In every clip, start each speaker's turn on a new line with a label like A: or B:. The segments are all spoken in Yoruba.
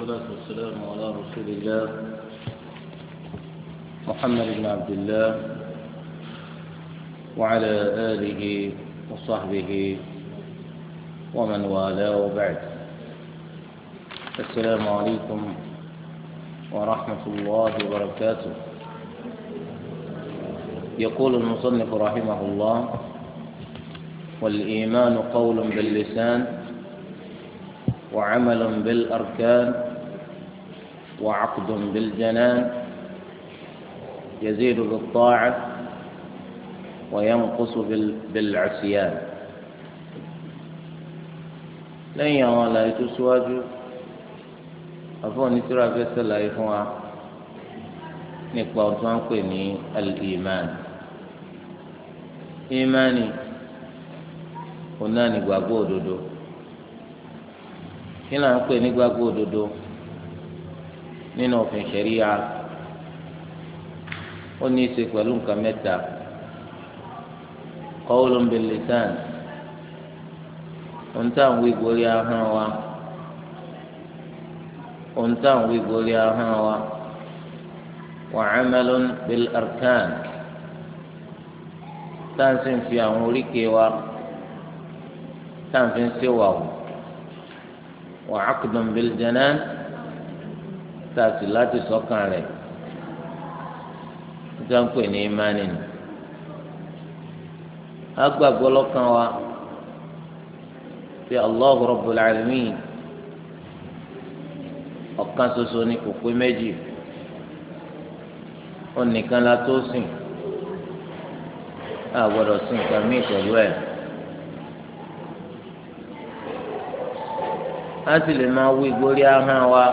A: والصلاة والسلام على رسول الله محمد بن عبد الله وعلى آله وصحبه ومن والاه بعد السلام عليكم ورحمة الله وبركاته يقول المصنف رحمه الله والإيمان قول باللسان وعمل بالأركان وعقد بالجنان يزيد بالطاعة وينقص بالعصيان lẹ́yìn àwọn àlàyé tó síwájú afọ́nitìrọ̀ afẹ́sẹ̀ láyé fún wa nípa ọ̀tún à ń pè ní al-ìmáàni ìmáàni òun náà ní gbàgbọ́ òdodo kí náà ń pè ní gbàgbọ́ òdodo nínú òfin ṣẹ̀ríya ó ní í ṣe pẹ̀lú nǹkan mẹ́ta qawlun bil lisan ohun tá à ń wí gorí ahọ́n wa ohun tá à ń wí gorí ahọ́n wa wa amalun arkan tá à ń sì fi àwọn oríkèé wa tá à ń fi ń ṣèwà wò wa aqdun bil tá a sì láti sọ́kàn rẹ̀ tí wọ́n ń pè ní nù. a gbàgbọ́ lọ́kàn wa pé ọ̀kan ni méjì ó nìkan la tó sìn a gbọ́dọ̀ sìn pẹ̀lú ẹ̀. a sì lè máa wí gbórí ahọ́n wa.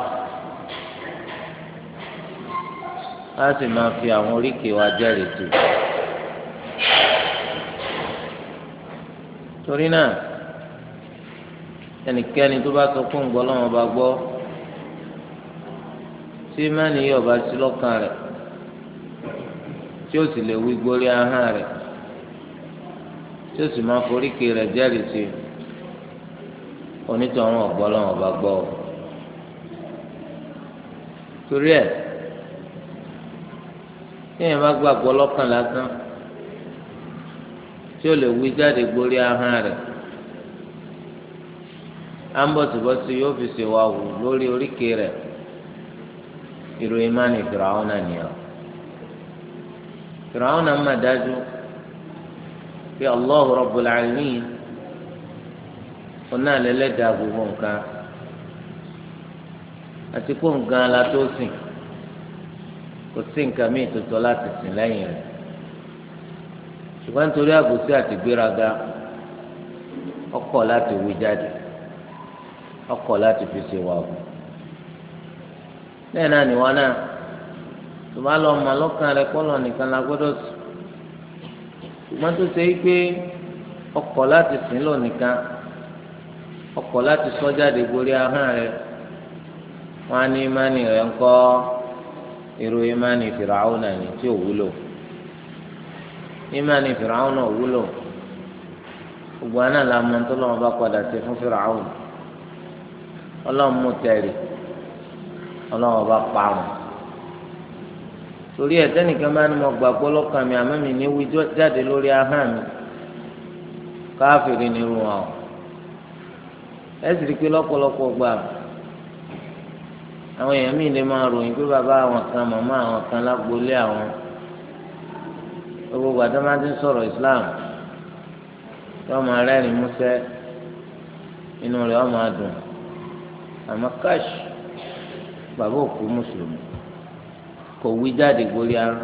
A: a sì máa fi àwọn oríkèé wa jẹ́rìí tù. torí náà ẹnikẹ́ni tó bá sọ fún ìgbọ́ lọ́wọ́ bá gbọ́ tí mẹ́ni yóò bá sí lọ́kàn rẹ̀ tí ó sì lè wí gbórí ahọ́n rẹ̀ tí ó sì máa foríkèé rẹ̀ jẹ́rìí sí onítọ̀hún ọ̀gbọ́ bá gbọ́ torí ẹ̀. téèyàn bá gbàgbọ́ lọ́kàn lásán tí ó lè wí jáde gborí ahọ́n rẹ̀ ambọ̀sibọ́sí yóò fi ṣèwà wù lórí oríkèé rẹ̀ ìròyìn máa ní fìràwọ́nà nìyẹn fìràwọ́nà má dájú pé Allah Rabbul Alamin ọ̀nà àlẹ́lẹ́dàá gbogbo nǹkan àti kó nǹkan la tó sìn. kò sí nǹkan míì tó láti sìn lẹ́yìn rẹ̀ ṣùgbọ́n nítorí àgùsí àti gbéraga ọkọ̀ láti wí jáde ọkọ̀ láti fi ṣe wà wù lẹ́yìn náà níwọ̀n náà tó bá lọ mọ lọ́kàn rẹ kọ́ lọ nìkan la gbọ́dọ̀ sùn ṣùgbọ́n tó ṣe pé ọkọ̀ láti sìn lọ nìkan irú ìmánì fìràwùnà ni tí ò wúlò ìmánì fìràwùnà ò wúlò gbogbo àná la mọ tó lọ́wọ́ bá padà sí fún fìràwùnà ọlọ́run mú tẹ̀lé ọlọ́run bá parun torí ẹ̀ sẹ́nìkan máa ń mọ gbàgbọ́ lọ́kàn mi àmọ́ mi jáde lórí ahọ́n mi wọn ẹ àwọn èèyàn míì lè máa ròyìn pé bàbá àwọn kan màmá àwọn kan lágboolé àwọn gbogbo àti máa ti ń sọ̀rọ̀ Islam yóò máa rẹ́rìn músẹ́ inú rẹ̀ yóò máa dùn àmọ́ káṣ bàbá òkú mùsùlùmí kò wí jáde gborí ara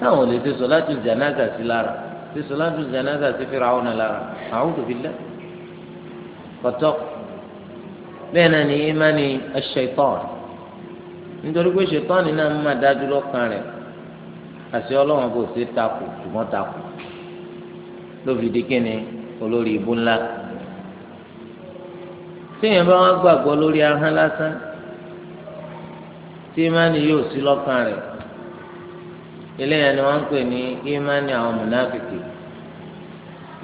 A: táwọn ò lè ṣe sọ̀látù jánásà sí lára ṣe sọ̀látù jánásà sí Fíráúnà lára àwọn kò fi lẹ́ kọ́tọ́ náà ni ìmánì aṣ-ṣaytán nítorí pé ṣètọ́ni náà ń máa dájú lọ́kàn rẹ̀ àṣẹ ọlọ́run kò sí takò ṣùgbọ́n takò ló fi di kíni olórí ibú ńlá téèyàn bá wọn gbàgbọ́ lórí ahọ́n lásán tí imáni yóò sí lọ́kàn rẹ̀ eléyàn ni wọ́n ń pè ní imáni àwọn mùnáfìkì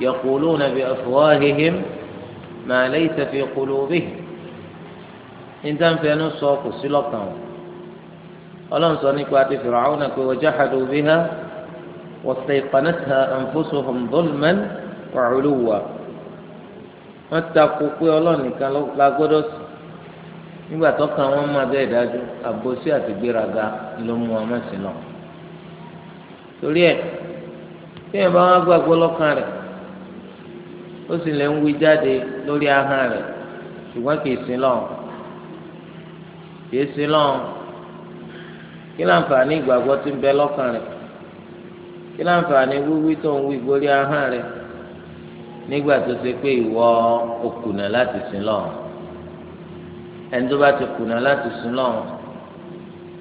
A: yaquluna bi afwahihim ma laysa fi qulubihim níta ń fẹnu sọ kò sí lọ́kàn wọn ọlọ́run sọ nípa ti Fir'auna pé wa jahadu biha wastayqanatha anfusuhum dhulman wa 'uluwwa wọ́n takò pé ọlọ́run nìkan la gbọ́dọ̀ sùn nígbà tó kan wọn máa bẹ́ẹ̀ dájú àbòsí àti gbéraga ló mú wọn mọ̀sí lọ. torí ẹ̀ tí yẹn bá wọn gbàgbọ́ lọ́kàn rẹ̀ ó sì lè ń wí jáde lórí ahọ́n rẹ̀ ṣùgbọ́n kì í sin lọ́hùn kì í sin lọ́hùn kí láǹfààní ìgbàgbọ́ tí ń bẹ lọ́kàn rẹ̀ kí láǹfààní wíwí tó ń wí gorí ahọ́n rẹ̀ nígbà tó ṣe pé ìwọ òkùnà láti sin lọ́hùn ẹni tó bá ti kùnà láti sin lọ́hùn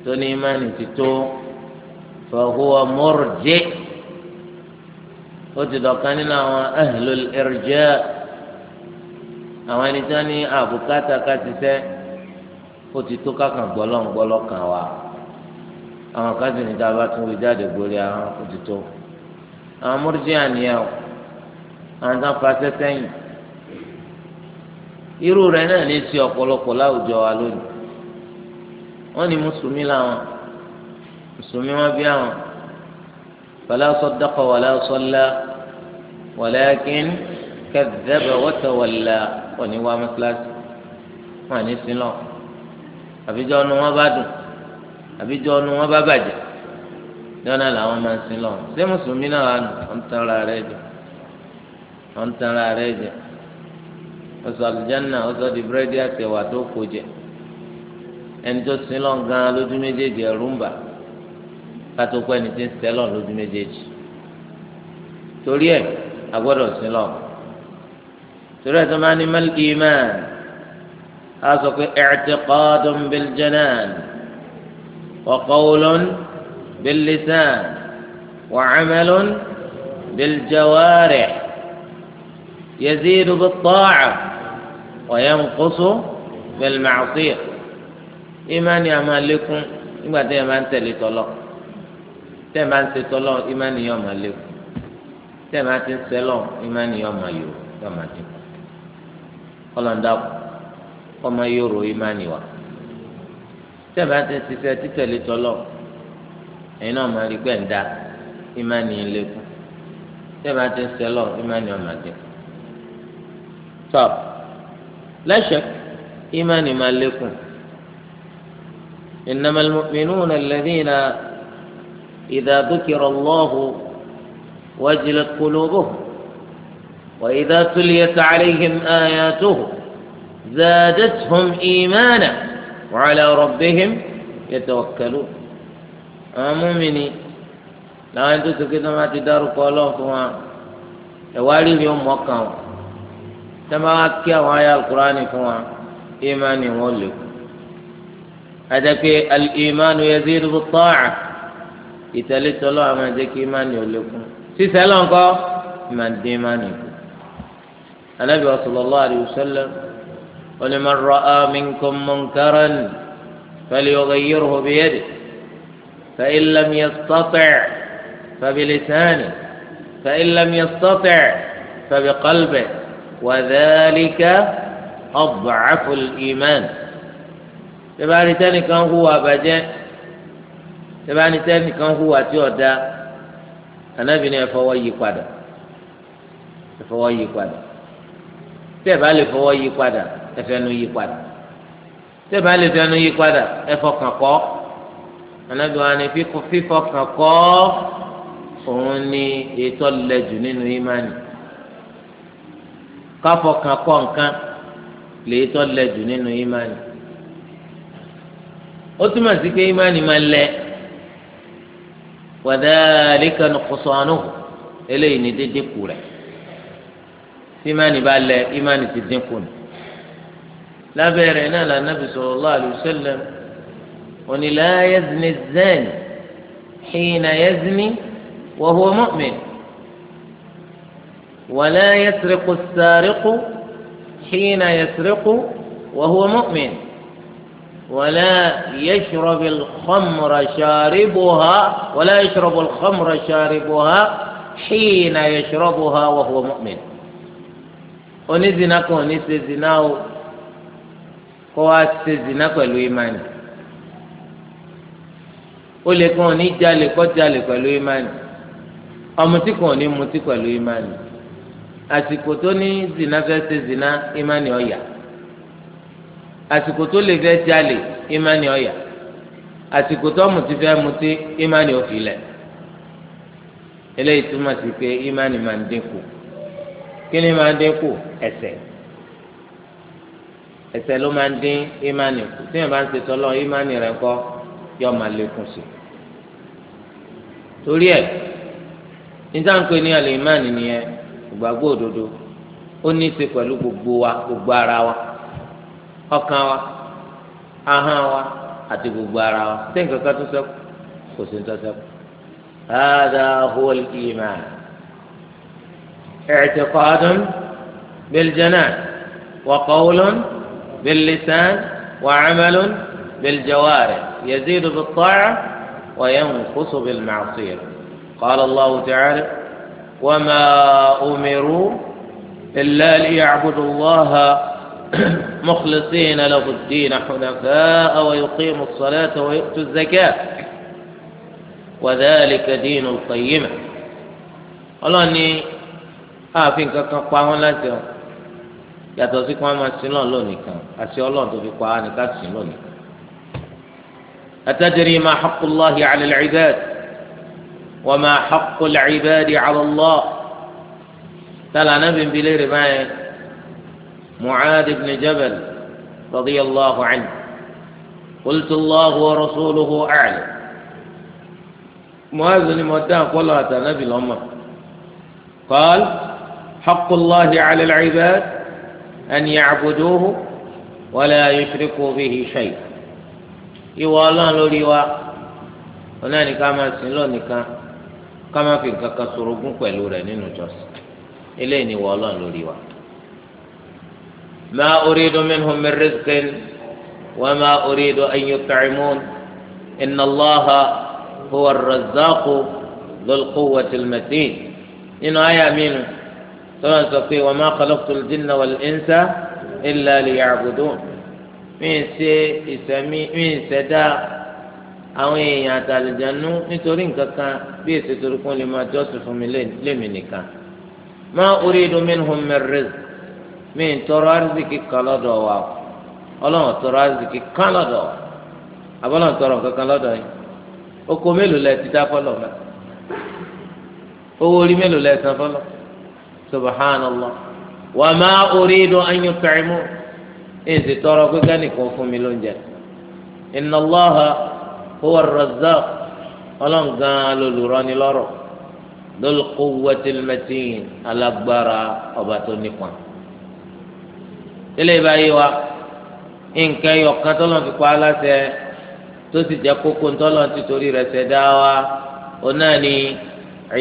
A: tó ní ìmánì ti tó fahuwa murji ó ti dọ̀kan nínú àwọn ahlul irja àwọn ẹni tó ní àbùkátà ká ti sẹ́ ó ti tó kákan gbọ́lọ́ ń gbọ́lọ́ kan wa àwọn káàdì ní tá a bá tún wí jáde gbórí àwọn òtítọ́ àwọn mọ́rìjìá nìyẹn o àwọn tán fa sẹ́sẹ́yìn irú rẹ̀ náà lè ṣe ọ̀pọ̀lọpọ̀ láwùjọ wa lónìí wọ́n ní mùsùlùmí làwọn mùsùlùmí wọn bí àwọn fala saddaqa wala salla walakin kadhaba wa tawalla wọ́n ní wá mọ́sálásí wọ́n àfijọ́ ọ̀nà wọn bá dùn àbíjọ ọnu wọn bá bàjẹ́ lọ́nà làwọn máa ń sin lọ́wọ́ ṣé mùsùlùmí náà wà nù wọ́n tan ara rẹ̀ jẹ wọ́n tan ara rẹ̀ jẹ ọ̀sọ̀ àlùjáná ọ̀sọ̀ di búrẹ́dì àtẹ̀wà tó kó jẹ ẹni tó sin lọ́n gan lójú méjèèjì ẹ̀rú ń bà kátó kó ẹni tí ń sẹ́lọ̀ lójú méjèèjì torí ẹ̀ agbọ́dọ̀ sin lọ́n torí ẹ̀ tó máa ní mẹ́lìkì imáàn sọ pé i'tiqadun bil janan. وقول باللسان وعمل بالجوارح يزيد بالطاعة وينقص بالمعصية إيمان يا مالكم إما تيما أنت لطلاق تيما أنت طلاق إيمان يا مالكم تيما أنت سلام إيمان يا مالكم كما تقول قال أنداك وما يرو إيماني وقت tẹ́ẹ̀bá ti ń ṣiṣẹ́ títẹ̀lé tọ́lọ̀ ẹ̀yin náà máa rí gbẹ̀ǹda ìmánì ìlẹ́kùn tẹ́ẹ̀bá ti ń ṣẹlọ̀ ìmánì ọ̀màdé. tọ́ lẹ́sẹ̀ ìmánì máa lẹ́kùn إنما المؤمنون الذين إذا ذكر الله وجلت قلوبهم وإذا تليت عليهم آياته زادتهم إيمانا wa ala rabbihim yatawakkalun àwọn múmini làwọn tó sèké tó máa ti dárúkọ ọlọ́run fún wa ẹ̀wá rírì ó mọ̀ọ́kàn o tó máa kí àwọn ayé alukurani fún wa ìmánì wọn lè kú. àdàpé alìmánu yazidu bit-ta'a ìtẹ̀lé tọ́lọ́ àwọn ẹ̀jẹ̀ kí ìmánì ó lè kú. sísẹ́ lọ́nkọ́ ìmàdé ìmánì kú. anábìyà sallallahu alayhi wa ولمن رأى منكم منكرا فليغيره بيده فإن لم يستطع فبلسانه فإن لم يستطع فبقلبه وذلك أضعف الإيمان تبعني تاني كان هو أبجان تبعني تاني كان هو أتيودا أنا بني أفوي قادة أفوي قادة تبعني أفوي قادة ẹfẹnu yí padà tẹ́bà lè fẹnu yí padà ẹfọkàn kọ́ Ànábì wa ni fífọkàn kọ́ òun ni ètò lẹ́jù nínú ìmánì káfọkàn kọ́ nǹkan lè tọ́ lẹ́jù nínú ìmánì ó túmọ̀ sí pé ìmánì máa lẹ wadhalika nuqsanuhu eléyìí ni dídínkù rẹ̀ tí ìmánì bá lẹ ìmánì ti dínkù ni. lábẹ́rẹ́ náà la nàbì sallallahu alayhi wa sallam wọ́n ní la yazni az-zani hina yazni wa huwa mu'min wa la yasriqu as-sariqu hina yasriqu wa huwa mu'min wa la yashrabu al-khamra sharibuha wa la yashrabu al-khamra sharibuha hina yashrabuha wa huwa mu'min onídìnnà kan ò ní ṣe dìnnà o. kó wá ṣe zina pẹ̀lú imani ó lè kàn ní jalè kó jalè pẹ̀lú imani ọmọtí kàn ní mutí pẹ̀lú imani àsìkò tó ní zina fẹ́ ṣe zina imani ọ̀yà àsìkò tó lè fẹ́ jalè imani ọ̀yà àsìkò tó mutí fẹ́ mutí imani òfìlẹ̀ eléyìí túmọ̀ sí pé imani máa ń dínkù kí ni máa ń dínkù ẹ̀ṣẹ̀ ẹ̀ṣẹ̀ ló máa ń dín ìmánì kù tí yẹn bá ń ṣe tọlọ ìmánì rẹ̀ kọ yọ máa lékún sí torí ẹ níta ń pè ní àlè ìmánì nìyẹn ìgbàgbọ́ òdodo ó ní í ṣe pẹ̀lú gbogbo wa gbogbo ara wa ọkàn wa ahọ́n wa àti gbogbo ara wa tí nǹkan kan tó ṣẹ́kù kò sí tó ṣẹ́kù. هذا هو الإيمان اعتقاد بالجنان وقول باللسان وعمل بالجوارح يزيد بالطاعة وينقص بالمعصية قال الله تعالى وما أمروا إلا ليعبدوا الله مخلصين له الدين حنفاء ويقيموا الصلاة ويؤتوا الزكاة وذلك دين القيمة الله أني آفين كاكا قاولا yàtọ̀ sí kí wọ́n máa sin lọ́n lónìí kan àti ọlọ́run tó fi pa á ní ká sin lónìí kan. أتدري ما حق الله على العباد وما حق العباد على الله تلا نبي بلي رباية معاذ بن جبل رضي الله عنه قلت الله ورسوله أعلم معاذ بن مدان قال نبي الأمة قال حق الله على العباد أن يعبدوه ولا يشركوا به شيئا ìwọ ọlọ́run lórí wa ọlọ́run ní ká máa sìn lọ́ọ̀ nìkan ká máa fi nǹkan kan sorogún pẹ̀lú rẹ̀ nínú ìjọsìn eléyìí ni ìwọ ọlọ́run lórí wa. ما أريد منهم من رزق وما أريد أن يطعمون إن الله هو الرزاق ذو القوة المتين إن آية منه tọ́lá sọ pé wa ma khalaqtul jinna wal insa illa liya'budun mí ṣe ìṣẹ̀mí mí ṣẹ̀dá àwọn èèyàn àtàlùjánú nítorí nǹkan kan bí èsì torí kún lè máa jọ́sìn fún mi lémi nìkan ma uridu minhum min rizq mí tọrọ àrísìkì kan lọ́dọ̀ wa ọlọ́run tọrọ àrísìkì kan lọ́dọ̀ wa àbọ̀lọ́run tọrọ nǹkan lọ́dọ̀ yìí oko mélòó lẹ ti dá fọlọ́ mẹ́ owó orí mélòó lẹ san fọlọ́ mẹ́ subhanallah wa ma uridu an yut'imu ẹ̀yìn sì tọrọ pé kánìkan fún mi lóúnjẹ inna Allaha huwa ar-razzaq ọlọ́ngàn lolùránilọ́rọ̀ dhul quwwatil matin alágbára ọba tó nípa ilé ìbáyé wa nǹkan ẹyọkan tọ́lọ́n fi pa aláṣẹ tó sì jẹ́ kókó tọ́lọ́n ti torí rẹ̀ ṣẹ̀dá wa ọ̀nà ni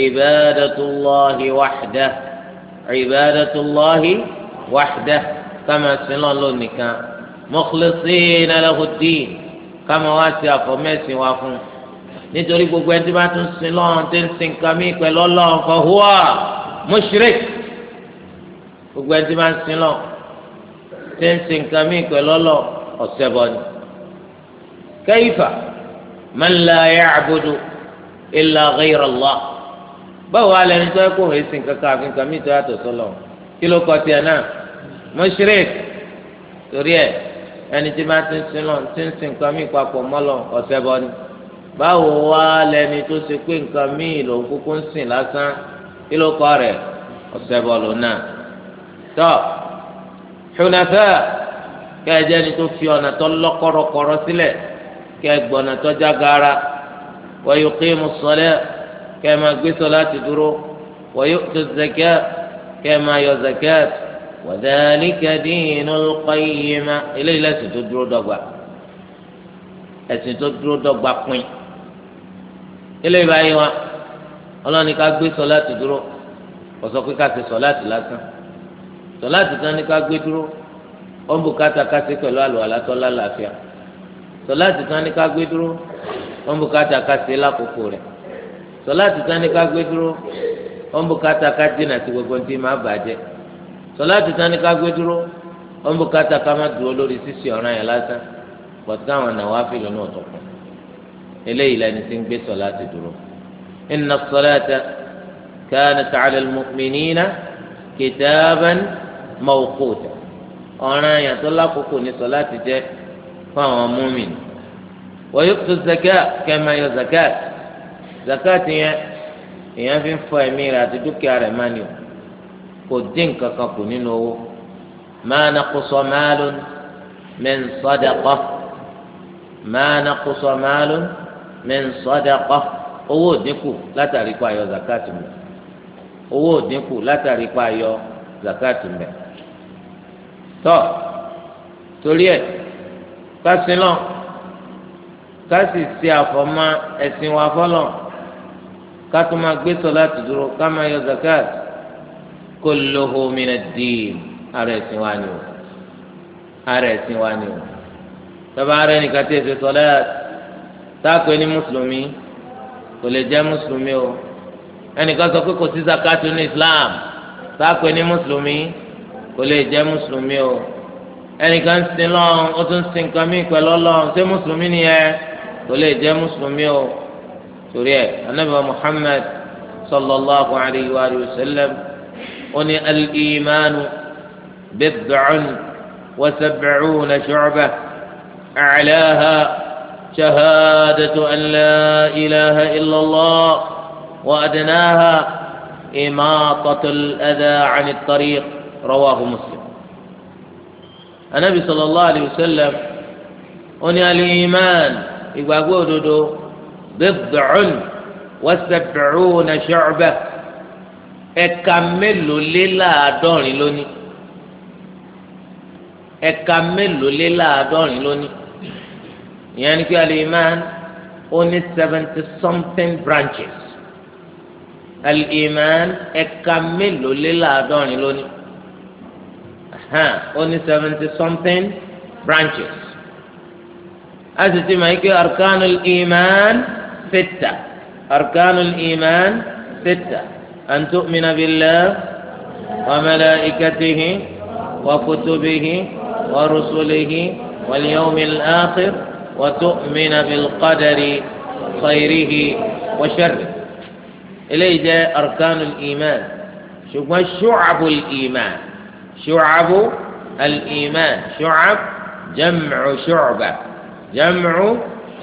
A: ibadatullahi wahdah ibadatullahi wahdah kama sinlọ lónìkan mukhlisina lahu ddin kama wá sí àfọmẹ́sìn wá fún nítorí gbogbo ẹni tí bá tún sinlọ tí ń sin kàmí pẹ̀lú ọlọ́run fa huwa mushrik gbogbo ẹni tí bá ń sinlọ tí ń sin kàmí pẹ̀lú ọlọ́run ọ̀sẹ̀ bọ́ ni. kayfa man la ya'budu illa ghayra Allah báwo wá lẹni tó yẹ kó hẹ sìn kankan àfi nǹkan mi tó yàtọ̀ sọlọ kí ló kọ tiẹ̀ náà mushrik torí ẹ ẹni tí bá ti ń sin lọ ti ń sin nǹkan mi papọ̀ mọ́lọ ọ̀sẹ̀ bọ́ ni báwo wá lẹni tó ṣe pé nǹkan mi lòun kúkú ń sìn lásán kí ló kọ rẹ̀ ọ̀sẹ̀ bọ́ lòun náà tọ́ hunafa kẹ́ẹ̀jẹ́ ni tó fi ọ̀nà tó lọ́kọ̀rọ̀kọ̀rọ̀ sílẹ̀ kẹ́ẹ̀ gbọ̀nà tó jágara wa yuqimu ssalah kẹ́ ẹ máa gbé dúró wa yu'tu zakat kẹ́ ẹ máa yọ zakat wa dhalika eléyìí lẹ́sìn tó dúró dọ́gba ẹ̀sìn dúró eléyìí dúró ọ̀sọ́ pé ká ṣe sọláàtì lásán sọláàtì tán ní ká dúró wọn bò ká takasi pẹ̀lú ta gbe dúró
B: sọláàtì tani ká gbé dúró
A: ọ̀nbùkátà ká dínà tí gbogbo ti máa bàjẹ́ sọláàtì tani ká gbé dúró ọ̀nbùkátà ká má dúró lórí sísè ọ̀ràn yẹn lásán pọ̀tù àwọn nàwáfílù náà tó kù eléyìí lẹni tí ń gbé sọláàtì dúró inna sọláàtà kanat ala al-mu'minina kitaban mawquta yẹn tó lákòókò ní sọláàtì jẹ́ fún àwọn mùmínì wa yu'tu zakat kama yu'tu zakat zakati yẹn èèyàn fi ń fọ ẹ̀mí rẹ̀ àti dúkìá rẹ̀ má ni o kò dín nǹkan kan kù nínú owó máa na kó sọ máa ló min sadaqa máa na kó sọ máa ló min sadaqa owó òdínkù látàrí pa ayọ zakati mẹ owó òdínkù látàrí pa ayọ zakati mẹ tọ torí ẹ kásìlọ kásì ṣe àfọmọ ẹsìn wa fọlọ kátó máa gbé sọláàtì dúró ká máa yọ zakat kulluhu min ad-din ara ẹ̀sìn wa ni o ara ẹ̀sìn wa ni o tọ́ba ara ẹnìkan tí èsè sọláàtì táàpé ní mùsùlùmí kò lè jẹ́ mùsùlùmí o ẹnìkan sọ pé kò sí zakat ní Islam táàpé ní mùsùlùmí kò lè jẹ́ mùsùlùmí o ẹnìkan sin lọ́n ó tún sin kan mí pẹ̀lú ọlọ́run ṣé mùsùlùmí nìyẹn kò lè jẹ́ mùsùlùmí o. torí النبي anabiwa صلى sallallahu alayhi wa sallam oni الإيمان بضع وسبعون wa أعلاها شهادة أن لا إله إلا الله وأدناها إماطة الأذى عن الطريق رواه مسلم النبي صلى الله عليه وسلم أني الإيمان يقول bid'un وسبعون شعبة shu'bah للا mélòó lé láàádọ́rin lónìí ẹ̀ka mélòó lé láàádọ́rin lónìí ìyẹn ni seventy something branches الإيمان iman للا mélòó lé láàádọ́rin lónìí ó seventy something branches a sì ti máa ستة أركان الإيمان ستة أن تؤمن بالله وملائكته وكتبه ورسله واليوم الآخر وتؤمن بالقدر خيره وشره إليه جاء أركان الإيمان شوف شعب الإيمان شعب الإيمان شعب جمع شعبة جمع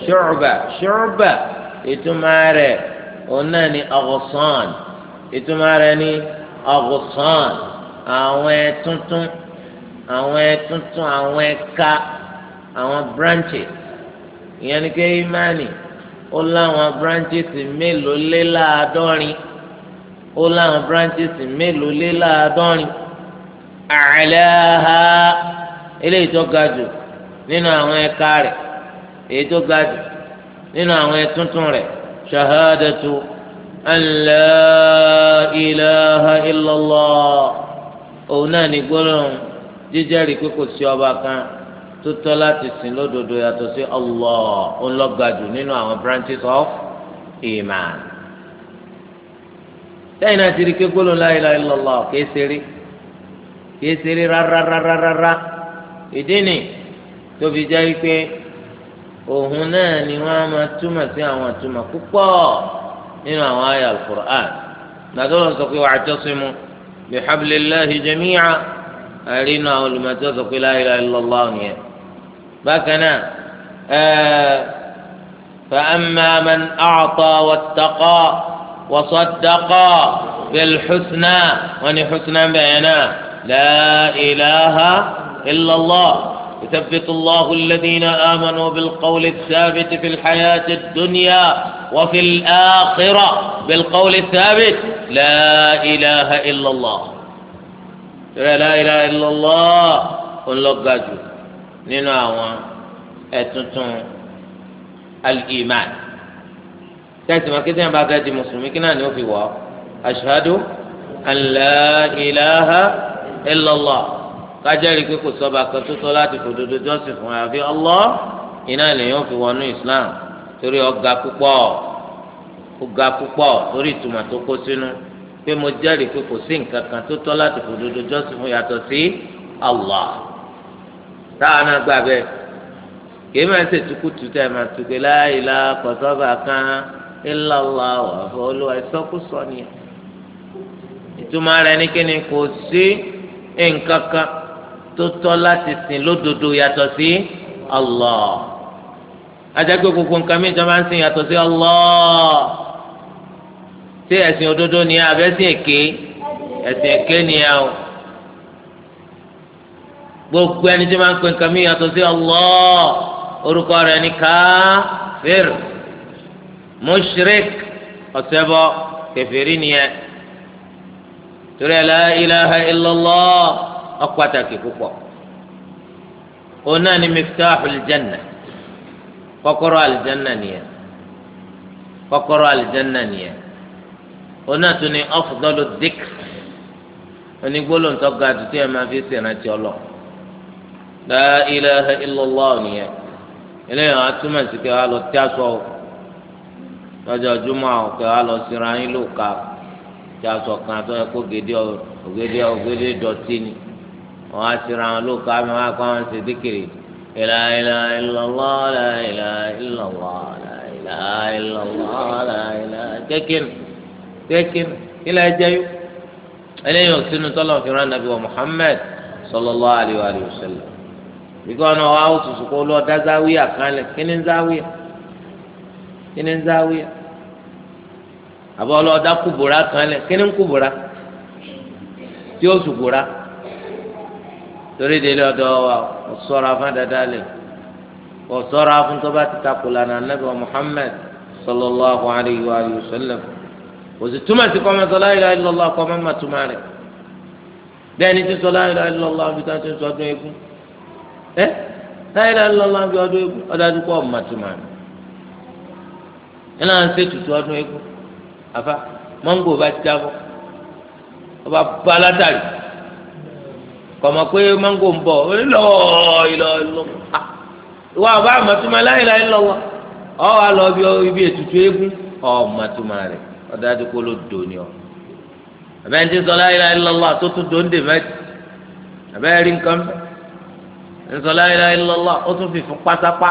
A: شعبة شعبة ìtumọ̀ rẹ̀ òun náà ni ọ̀gọ̀sán ìtumọ̀ rẹ̀ ni ọ̀gọ̀sán àwọn ẹ̀túntún àwọn ẹ̀túntún àwọn ẹ̀ka àwọn branches ìyẹn ni pé imani ó láwọn branches mélòó lé láàádọ́rin ó láwọn branches mélòó lé láàádọ́rin àlẹ́hà eléyìí tó ga jù nínú àwọn ẹ̀ka rẹ̀ èyí tó ga jù nínú àwọn ẹtúntún rẹ̀ ṣahadatu an la ilaha illallah òun náà ní gbólóhùn
B: jíjẹ́rìí pé kò sí ọba
A: kan tó tọ́ láti sìn lódodo yàtọ̀ sí Allah ọlọ́gàjù nínú àwọn branches of iman. sẹ́yìn náà ti rí pé gbólóhùn la ilaha illallah kìí ṣeré kìí ṣeré rárá rárá rárá ìdí ni tóbi jẹ́ pé. òhun náà ni wọ́n á máa túmọ̀ sí àwọn àtúmọ̀ púpọ̀ nínú àwọn àyà alukur'an nàdúrà sọ pé wàá wa'tasimu bihablillahi jami'a àrínú àwọn olùmọ̀tò sọ pé láyé ilaha illallah nìyẹn bákan náà ẹ̀ẹ́ ama man a'ta wattaqa wasaddaqa bilhusna xusna wani xusna bẹ́ẹ̀ náà la ilaha illallah. يثبت الله الذين آمنوا بالقول الثابت في الحياة الدنيا وفي الآخرة بالقول الثابت لا إله إلا الله لا إله إلا الله ولقاجو نناوى أتنتم الإيمان ما كده بعد مسلمين كنا نوفي أشهد أن لا إله إلا الله kájẹ́rìí pé kò sọ́ba kan tó tọ́ láti fòdodo jọ́sìn fún àfi Allah iná lèyàn fi wọnú Islam
B: torí ọ̀gá púpọ̀
A: ọ̀gá púpọ̀ torí ìtumọ̀ tó kó sínú
B: pé mo jẹ́rìí pé kò sí nǹkan kan tó tọ́ láti fòdodo jọ́sìn fún yàtọ̀ sí
A: Allah táwa náà gbà kìí máa ń ṣètùkùtù tẹ́ máa tùgbé láàyè la kọ̀sọ́ba kan ńláńlá ọ̀fọ̀ olúwa ìsọkúsọ nìyẹn ìtumọ̀ rẹ̀ ní kíni kò sí nǹkan kan tó tọ́ láti sìn lódodo yàtọ̀ sí Allah ajagbe gbogbo nǹkan mi jọba ń sìn yàtọ̀ sí Allah ṣé ẹ̀sìn òdodo ni àbẹ́sìn èké ẹ̀sìn èké ni ẹ o gbogbo ẹni tí máa ń pè nǹkan mi yàtọ̀ sí Allah orúkọ rẹ̀ ni káfíìr mushrik ọ̀sẹ̀bọ kèfèrí nìyẹn torí la ilaha illallah. ọpàtàkì púpọ̀ òun náà ni miftahu aljanna kọ́kọ́rọ́ aljanna nìyẹn kọ́kọ́rọ́ aljanna nìyẹn náà tún ni afdalu dhikr ga tuntun yẹn máa fi ṣèrántí ọlọ la ilaha illallah nìyẹn eléyàn atúmọ̀ sí kẹ́ tí a sọ yín tí a sọ tó yẹ kó wọn á ti ra wọn lóko àmì wọn á kọ́ wọn ṣe díkìrì ìlà ìlà ìlọlọ ìlà ìlà ìlọlọ ìlà ìlọlọ ìlà ìlà jẹkìn jẹkìn ìlà jẹyọ eléyìí òsínú tọ́lọ̀ fi rán nàbí wa Muhammad sọlọ́lá àlìwà àlìwà sẹlẹ̀ bíkọ́ ọ̀nà wa ó tutù kó lọ dá záwíyà kanlẹ̀ kíni záwíyà kíni záwíyà àbọ̀ lọ dá kúbúrà kanlẹ̀ kíni kúbúrà tí ó sùkúrà torí délé ọ̀dọ̀ wa kò ṣọ́ra fún dáadáa lè kò ṣọ́ra fún tó bá ti takò lànà ànábì wa Muhammad sallallahu alayhi wa sallam kò sì túmọ̀ sí kọ́mọ sọ la ilaha illallah kọ́mọ má túmọ̀ rẹ̀ bẹ́ẹ̀ ni tí sọ la ilaha illallah bí ká ti sọ ọdún eégún ẹ la ilaha illallah bí ọdún eégún ọdún adúgbò ọ̀ má túmọ̀ rẹ̀ ẹ náà ń ọdún eégún àfa mọ́ngò bá ti dábọ̀ ọba bá kọmọ pé mango ń bọ lọ ìlọ ìlọ wa ọba àmọtúmọ láìláì lọ́wọ́ ọ wà lọ bí ibi ètùtù eégún ọmọtúmọ rẹ ọdájú kó ló dò ní ọ abẹ́ni tí ń sọ láìláì lọ́wọ́ àtúntò dòńdè mẹ́tì abẹ́rẹ́ rí nǹkan ń sọ láìláì lọ́wọ́ ó tún fi fún pátápá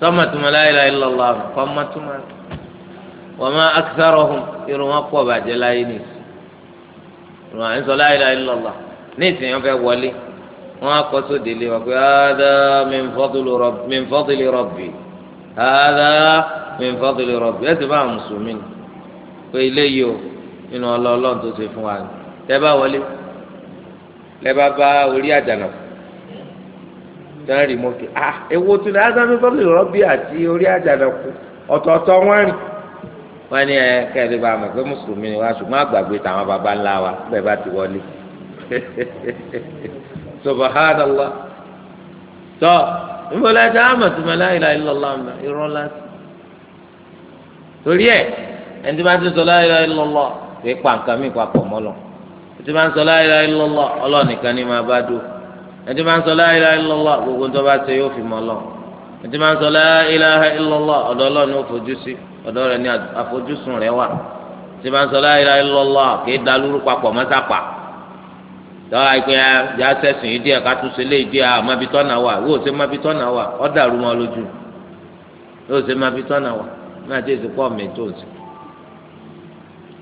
A: sọmọtúmọ láìláì lọ́wọ́ àfọmọtúmọ rẹ wọ́n máa akitárọ̀ hùn irun wọn pọ̀ bàjẹ́ láyé nìyí ìrùn à ń sọ láìláì lọ́wọ́ ní ìsìnyàn fẹ́ wọlé wọn á kọ sóde lé wọn pé ada min fadli rabbi ada min fadli rabbi ẹsẹ bá mùsùlùmí ni pé ilé yìí o nínú ọlọ́ọ̀lọ́ọ̀ tó ṣe fún wa ni tẹ́ bá wọlé lẹ́ bá bá orí àjànà tẹ́ ń rí mọ́kì ah ewo tún ní ada min fadli rabbi àti orí àjànà kù ọ̀tọ̀ọ̀tọ̀ wọn rìn wọn ní ẹ kẹ́ẹ̀dé bá mọ̀ pé mùsùlùmí ni ṣùgbọ́n àgbàgbé tàwọn baba ńlá wa bẹ́ẹ̀ bá ti wọlé. subhanallah tọ́ nbọ̀lá ta àmọ̀túnmọ̀ la ilaha illallah àmà irọ́ láti torí ẹ̀ ẹni tí wọ́n ti sọ la ilaha illallah pé pàǹkà mi papọ̀ mọ́lọ̀ ẹni tí wọ́n sọ la ilaha illallah ọlọ́ọ̀nìkan ni máa bá dùn ẹni tí wọ́n sọ la ilaha illallah gbogbo tó bá ṣe yóò fi mọ́ lọ ẹni tí wọ́n sọ la ilaha illallah ọ̀dọ̀ ọlọ́ọ̀ni òfojúsí ọ̀dọ̀ rẹ̀ ni àfojúsùn rẹ̀ wà ẹni tí wọ́n sọ la ilaha kì í dalúrú papọ̀ mọ́sápàá tọ́wọ́ àìpé ya sẹ́sìn yìí díẹ̀ ká tún ṣe lé ìdí àmọ́bi tọ́nà wà yóò ṣe mọ́bi tọ́nà wà ọ́ dàrú wọn lójú yóò ṣe mọ́bi tọ́nà wà náà tí èsì pọ̀ mí tó ṣe.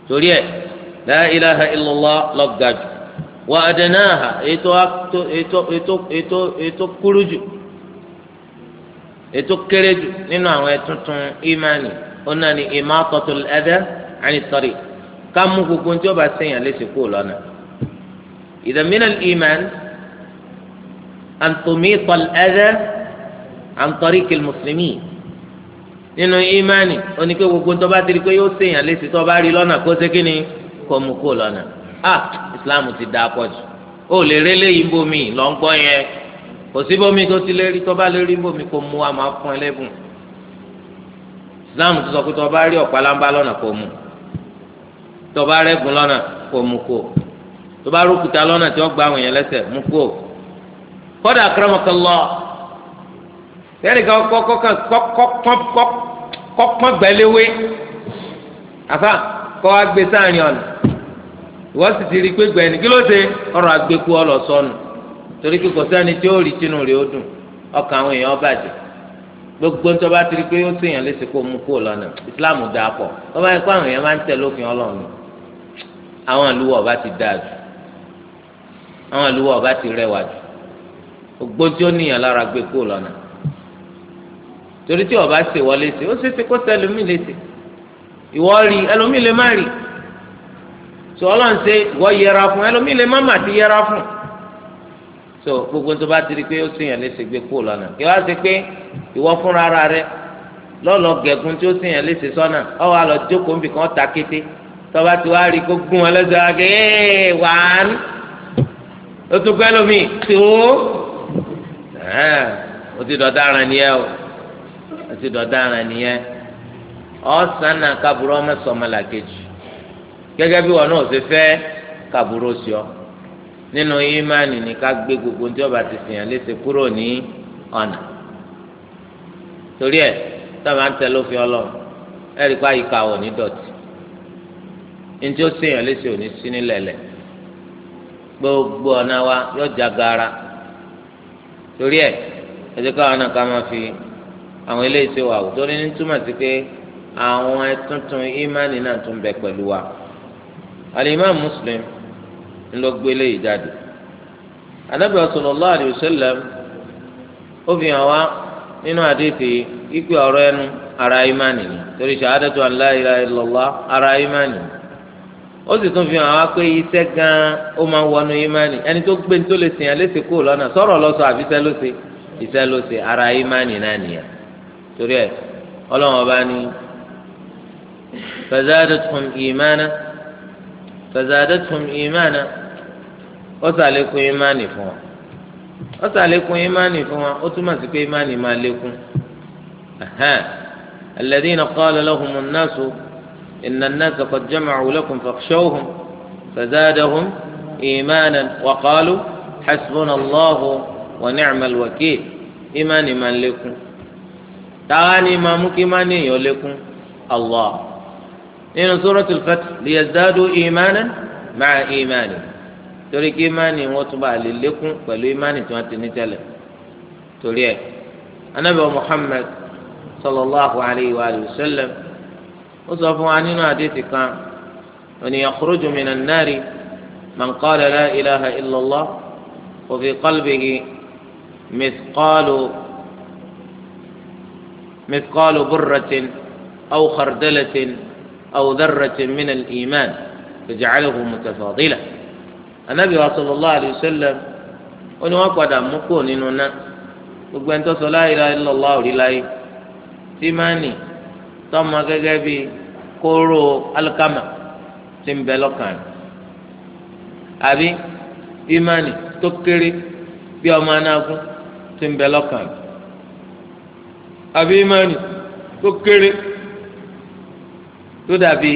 A: torí la ilaha illallah lọ́gàjù wà adnaha ètò ètò ètò kúrú jù ètò kéré jù nínú àwọn ẹ̀tuntun ìmánì ó náà ní imatatul adha ani tariq ká mú gbogbo ní tí ó bá إذا من الإيمان أن تميط الأذى عن طريق المسلمين nínú ìmánì oníkẹ́ gbogbo tó bá ti di pé yóò ṣèyàn léṣe tó bá rí lọ́nà kó ṣe kíni kó mú kó lọ́nà ah islam ti dáa pọ̀ jù ó lè rí eléyìí bomi lọ́ ń gbọ́ yẹn kò sí bomi tó ti lè rí tó bá lè rí bomi kó mú wa máa fún ẹ lẹ́bùn islam ti sọ pé tó bá rí ọ̀pá lámbá lọ́nà kó mú tó bá rẹ́gùn lọ́nà kó mú kó tó bá rókùtà lọ́nà tí wọ́n gba àwọn èèyàn lẹ́sẹ̀ mú kú o kọ́dà akramakallah sẹ́ni kan kọ́kọ́ gbẹ́léwé àfa kọ́ wa gbé sáàrin ọ̀nà wọ́n sì ti rí i pé gbẹ̀yìn kí ló ṣe ọ̀rọ̀ àgbẹ̀kú ọ̀lọ̀ sọnù torí pé kò sẹ́ni tí ó rí tinú rẹ̀ ó dùn ọkàn àwọn èèyàn bàjẹ́ gbogbo ń tọ́ba tiri pé ó sèyàn léṣe kó mú kó lọ́nà Islam dáa pọ̀ wọ́n bá yẹ kó àwọn èèyàn máa ń tẹ̀ lófin Ọlọ́run àwọn àlùwọ̀ ọba ti dáa jù àwọn ìlú wa ọba ti rẹwà jù ògbó tí ó níyàn lára gbé kúrò lọ́nà torí tí ọba ṣe wọlé ṣe ó ṣeéṣe kó sẹ ẹlòmíì lè ìwọ rí ẹlòmíì lè má rí tó ọlọ́run ṣe ìwọ yẹra fún ẹlòmíì lè má má ti yẹra fún so gbogbo tó bá ti rí pé ó ṣèyàn léṣe gbé kúrò lọ́nà kí wá ṣe pé ìwọ fúnra ara rẹ lọ́lọ́ gẹ̀gùn tí ó ṣèyàn léṣe sọ́nà ọwọ́ àlọ́ jókòó nbìkan ta kété tọ́ba ti wá rí kó gún ọ lẹ́sẹ̀ wá gé wàá ní. ó tún pẹ́ lómi tí wọ́n ó ti dọ̀dá ara nìyẹn o ó ti dọ̀dá ara nìyẹn ọ̀sán náà kábúrò ọmọ sọmọlá kejì gẹ́gẹ́ bí wọn náà ṣe fẹ́ kábúrò sí ọ nínú ìmánì ní ká gbé gbogbo ní ọba ti fìyàn léṣe kúrò ní ọ̀nà torí ẹ táwọn ń tẹ lófin ọlọ́run ẹ̀rí pa ìka ò ní dọ̀tí ní tí ó ṣèyàn léṣe ò ní sí nílẹ̀ gbogbo ọ̀nà wa yóò gaara torí ẹ jẹ́ fi àwọn eléyìí wà torí ní túmọ̀ sí pé àwọn tuntun ìmánì náà tún bẹ pẹ̀lú wa muslim ń lọ gbé eléyìí jáde anabi wa ó fi hàn wá nínú ìpè ara ìmánì ni torí ara ìmánì ni. ó sì tún fi hàn wá pé iṣẹ́ gan-an ó máa ń wọnú ìmánì ẹni tó gbé ní tó lè sìn yàn léṣe kó lọ́nà sọ̀rọ̀ lọ́sọ̀ àbí iṣẹ́ ló ṣe iṣẹ́ ló ṣe ara imani náà nìyẹn torí ẹ ọlọ́run ọba ní fazadatum imana fazadatum imana ó ṣàlékún ìmánì fún wa ó ṣàlékún ìmánì fún wa ó túmọ̀ sí pé ìmánì máa lékún alladhina qala lahumun إن الناس قد جمعوا لكم فاخشوهم فزادهم إيمانا وقالوا حسبنا الله ونعم الوكيل إيمان من لكم تعالى إمامك إيمان يلكم الله إن سورة الفتح ليزدادوا إيمانا مع إيمانهم torí إيماني وطبع wọn tún bá lè lékún pẹ̀lú النبي محمد صلى الله عليه وآله وسلم ó sọ fún wa nínú àdéhùn kan òní yakhruju minan nari man qala la ilaha illallah wa fi qalbihi mithqalu mithqalu burratin aw khardalatin aw dharratin min al-iman faj'alahu mutafadila anabi wa sallallahu alayhi wa sallam ó ní wọ́n padà mú kó nínú náà gbogbo ẹni tó sọ la ilaha illallah òrí láyé tí máa nì. tọ́mọ gẹ́gẹ́ bí kóró alikama ti ń bẹ lọ́kàn rẹ̀ àbí ìmánì tó kéré bí ọmọ anágún ti ń bẹ lọ́kàn rẹ̀ àbí ìmánì tó kéré tó dàbí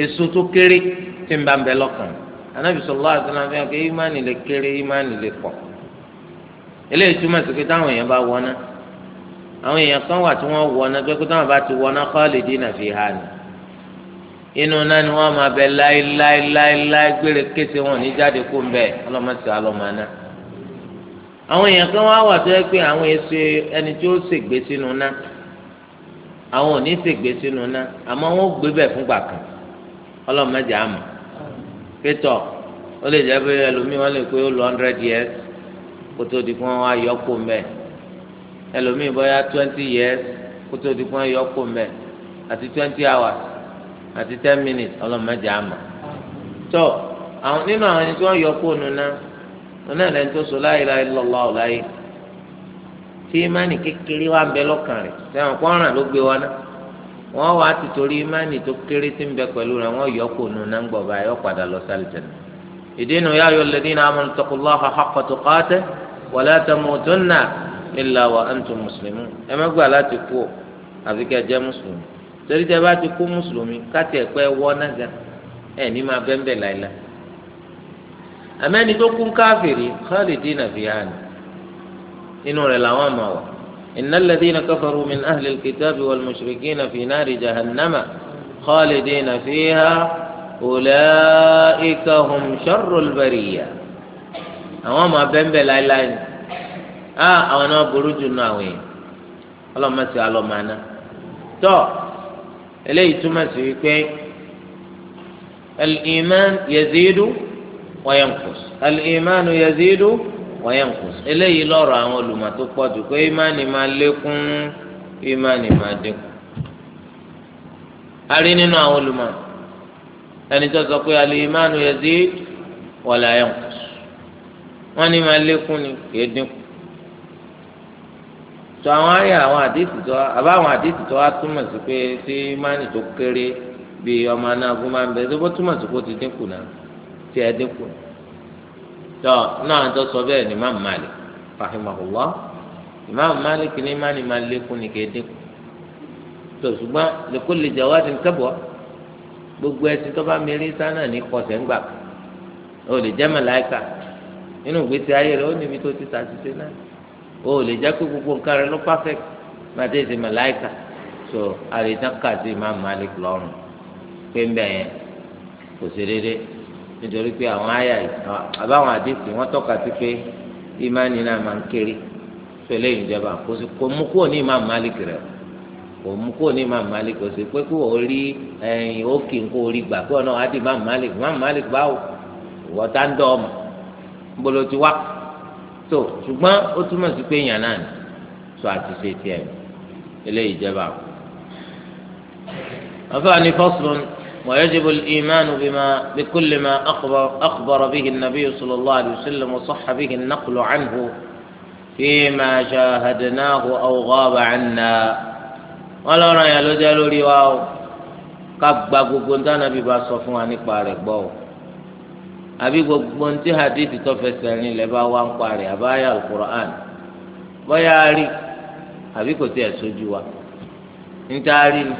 A: èso tó kéré ti ń bá ń bẹ lọ́kàn rẹ̀ anabi sọlọ ìmánì lè kéré ìmánì lè pọ̀ eléyìí túmọ̀ sí pé táwọn èèyàn bá wọ náà àwọn èèyàn kan wà tí wọ́n wọná pé kó táwọn bá ti wọná khalidina fiha ni inú náà ni wọ́n máa bẹ láéláéláéláé gbére kése wọn ní jáde kó ń bẹ ọlọ́mọsí alọ́mọaná àwọn èèyàn kan wá wà tó yẹ pé àwọn èso ẹni tí ó ṣègbè sínú náà àwọn ò ní ṣègbè sínú náà àmọ́ wọ́n gbé bẹ̀ fúngbà kan ọlọ́mọdé àmọ́ pétọ́ ó lè jẹ́ pé ẹlòmíì wọ́n lè pé ó lọ hundred years kó tó di fún wọn wá yọ kó ń bẹ́ẹ̀. ẹlòmíì bóyá twenty years kó tó di fún ẹyọ kó àti twenty hours àti ten minutes ọlọ́mọdé àmọ́ tó ninu nínú àwọn ẹni tí wọ́n yọ kó nu wọn náà tó so la ilaha illallah ọ̀láyé tí imáni kékeré wà bẹ lọ́kàn rẹ̀ sẹ́wọ̀n ló gbé wa náà wọ́n wá ti torí imáni tó kéré tí ń bẹ pẹ̀lú rẹ̀ wọ́n yọ kó nu náà ń gbọ̀ báyọ̀ padà lọ sálì jẹ̀ ìdí nu yá ayyuhalladhina amanu illa wa antum muslimun ẹ má gbà láti kú ọ àfi kẹ́ jẹ́ mùsùlùmí torí tẹ́ bá ti kú mùsùlùmí káti ẹ pẹ wọ nága ẹ ní máa bẹ́ńbẹ̀ láìla àmẹ́ni tó kún káfìrí khalidina fiha inú rẹ̀ làwọn máa wà innal ladhina kafaru min ahli alkitabi wal mushrikina fi nari jahannama khalidina fiha ulaika hum sharrul bariyya àwọn máa bẹ́ńbẹ̀ láìla yìí á ah, àwọn náà burú jù nù àwọn èèyàn ọlọ́mọ sí alọ́mọaná tọ́ eléyìí túmọ̀ sí wípé al-iman yazidu wa yanqus al-iman yazidu wa yanqus eléyìí lọ́rọ̀ àwọn olùmọ̀ tó pọ̀ jù pé ìmánì máa lékún ìmánì máa dínkù a rí nínú àwọn olùmọ̀ ẹni tó sọ pé al-iman yazid wa la yanqus wọ́n ní máa lékún ni kì í dínkù tó àwọn ayé àwọn àdéhùn tó àbá àwọn àdéhùn tó wá túmọ̀ sí pé tí mánì tó kéré bí ọmọ anágún máa ń bẹ tó bó túmọ̀ sí pé ó ti dínkù náà tí ẹ dínkù tó náà tó sọ bẹ́ẹ̀ ni Imam Malik rahimahullah Imam Malik ní mánì máa lékún ní kéé dínkù tó ṣùgbọ́n lèkó lè jẹ́ wádìí kẹ́bọ̀ gbogbo ẹsìn tó bá mérí sánà ní kọsẹ̀ ńgbà ó lè jẹ́ màláíkà nínú ìgbésí ayé rẹ̀ ó níbi tó ti ta ti ṣe náà. o lè jẹ́ pé gbogbo nǹkan rẹ ló perfect máa tẹ̀ ṣe so àrètán kàdé máa Malik lọ́rùn pé ń bẹ̀ yẹn kò ṣe déédéé nítorí pé àwọn àyà àbáwọn àdéhùn wọn tọ́ka sí pé ìmánì náà máa ń kéré so eléyìí ìjọba kò sí kò mú kúrò ní Imam Malik rẹ kò mú kúrò ní Imam Malik kò sí pé o rí ẹyin ó kì í gbà náà di Malik Malik báwo ti wá. so ṣùgbọ́n ó túmọ̀ sí pé èèyàn náà ni so àti ṣe tiẹ̀ eléyìí jẹba afa ni faslun ويجب الإيمان بما بكل ما أخبر, أخبر به النبي صلى الله عليه وسلم وصح به النقل عنه فيما شاهدناه أو غاب عنا ولا رأي لجل لواو كبا قبنتنا ببا صفوان قارق بو àbí gbogbo ntí hadith tó fẹsẹ̀ rìn lẹ́ wá ń parí àbáyà alukur'an bóyá a rí àbí kò tiẹ̀ sójú wa níta rí ni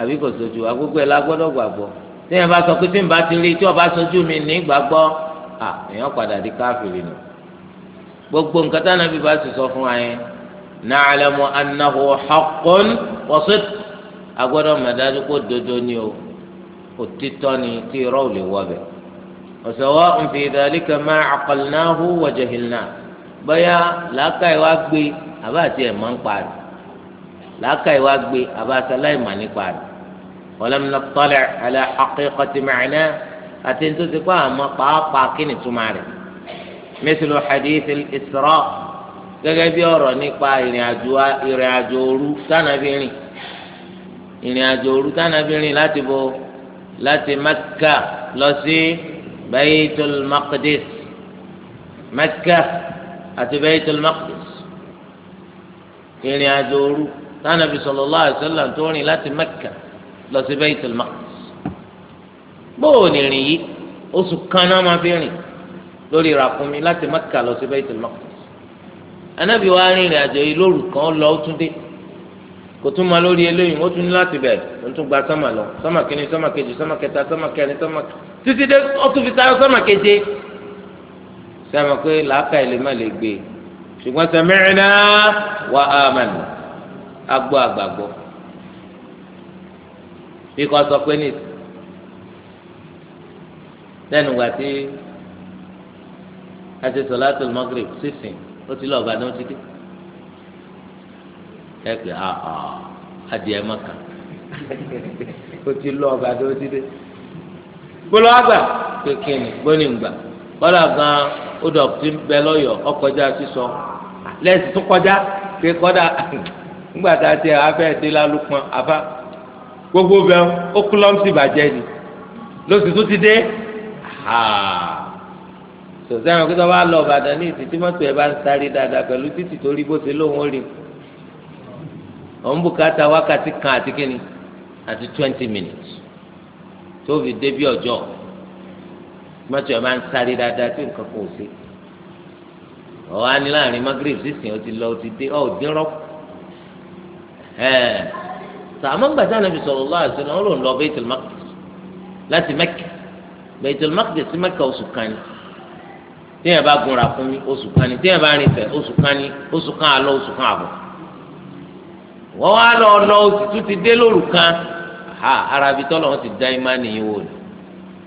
A: àbí kò sójú wa gbogbo ẹ̀ la gbọ́dọ̀ gbàgbọ́ tí yẹn bá sọ pé tí n bá ti rí tí ọba sójú mi ní gbàgbọ́ à èèyàn padà di káfíìrì nù gbogbo nǹkan tá nàbí bá sì sọ fún wa yẹn na'lamu annahu haqqun wa agbọ́dọ̀ mọ̀ dájú kó dodo ni o òtítọ́ ni tí irọ́ ò lè wọ bẹ́ẹ̀. وسواء في ذلك ما عقلناه وجهلناه bóyá làákàyè wa gbé àbá àti ẹ̀ máa ń parí làákàyè wa gbé àbá àti ní parí ولم نطلع على حقيقة معناه àti nítorí ti kó àmọ́ pàápàá kí ni túmọ̀ rẹ̀ مثل حديث الإسراء gẹ́gẹ́ bí ọ̀rọ̀ nípa ìrìn àjò òru tánàbìrin ìrìn àjò òru tánàbìrin Baitul Maqdis Mẹ́kà àti Baitul Maqdis ìrìn àjò òru tánàbí sallallahu alaihi wasallam tó rìn láti Mẹ́kà lọ sí Baitul Maqdis bóò ní rìn yìí oṣù kan náà máa fi rìn lórí ràkúnmi láti Mẹ́kà lọ sí Baitul Maqdis anábì wa rìnrìn àjò yìí lóru kan lọ ó tún dé kò tún ma lórí eléyìí ó tún ní láti bẹ̀ ó tún gba sọ́mà lọ sọ́mà kìíní sọ́mà kejì sọ́mà kẹta sọ́mà kẹrin sọ́mà títí dé ó tún fi tayọ sọ́mà keje sọ́mà pé làákà ilé má lè gbé ṣùgbọ́n sami'na wa amanna agbọ́ àgbàgbọ́ bí kò sọ pé ní lẹ́nu ìgbà tí a ti solatul maghrib sísìn ó ti lọ́ọ̀ bá náà ti ẹ pé àà ah, ah, adìẹ mọ́ka o ti lọ ọba tó ti dé gbọ́dọ̀ àgbà kékeré ni gbóni ngbà gbọ́dọ̀ gan ó dọ̀ tí ń bẹ lọ́yọ̀ ọkọjá sísọ lẹ́sìn tó kọjá pé kọ́dà ńgbà tá a ti abẹ́ ẹ̀dẹ́ lálùpọ̀n afá gbogbo bẹ́ẹ̀ ó kú lọ́mùsì bàjẹ́ ni lóṣù tó ti dé sọ̀tẹ́ àwọn kí wọ́n bá lọ ọ̀bàdàn ní ìtìtì mọ́tò ẹ̀ bá ń sáré dáadáa pẹ̀lú títì torí bó ṣe lóun ó rí i òun bùkátà wákàtí kan àti kíni àti twenty minutes tó fi débi ọjọ́ mọ́tò ẹ̀ máa ń sáré dáadáa tí nǹkan kò sí ọ̀hún á ní láàrin magreth sísìn ó ti lọ ó ti dé ọ̀ dín rọ́pù sàmọ́ gbàtà nàbì sallallahu alaihi wasallam ọ̀rọ̀ lọ Baitul Maqdis láti Mẹ́kà Baitul Maqdis sí Mẹ́kà oṣù kan ni bá gunra fún mi oṣù kan ni bá rìn fẹ̀ oṣù kan oṣù kan àlọ oṣù kan àbọ̀ wọ́n wá lọ lọ oṣù tó ti dé lóru kan ha arabi tọ́lọ̀ wọn ti dá imá nìyí wò ni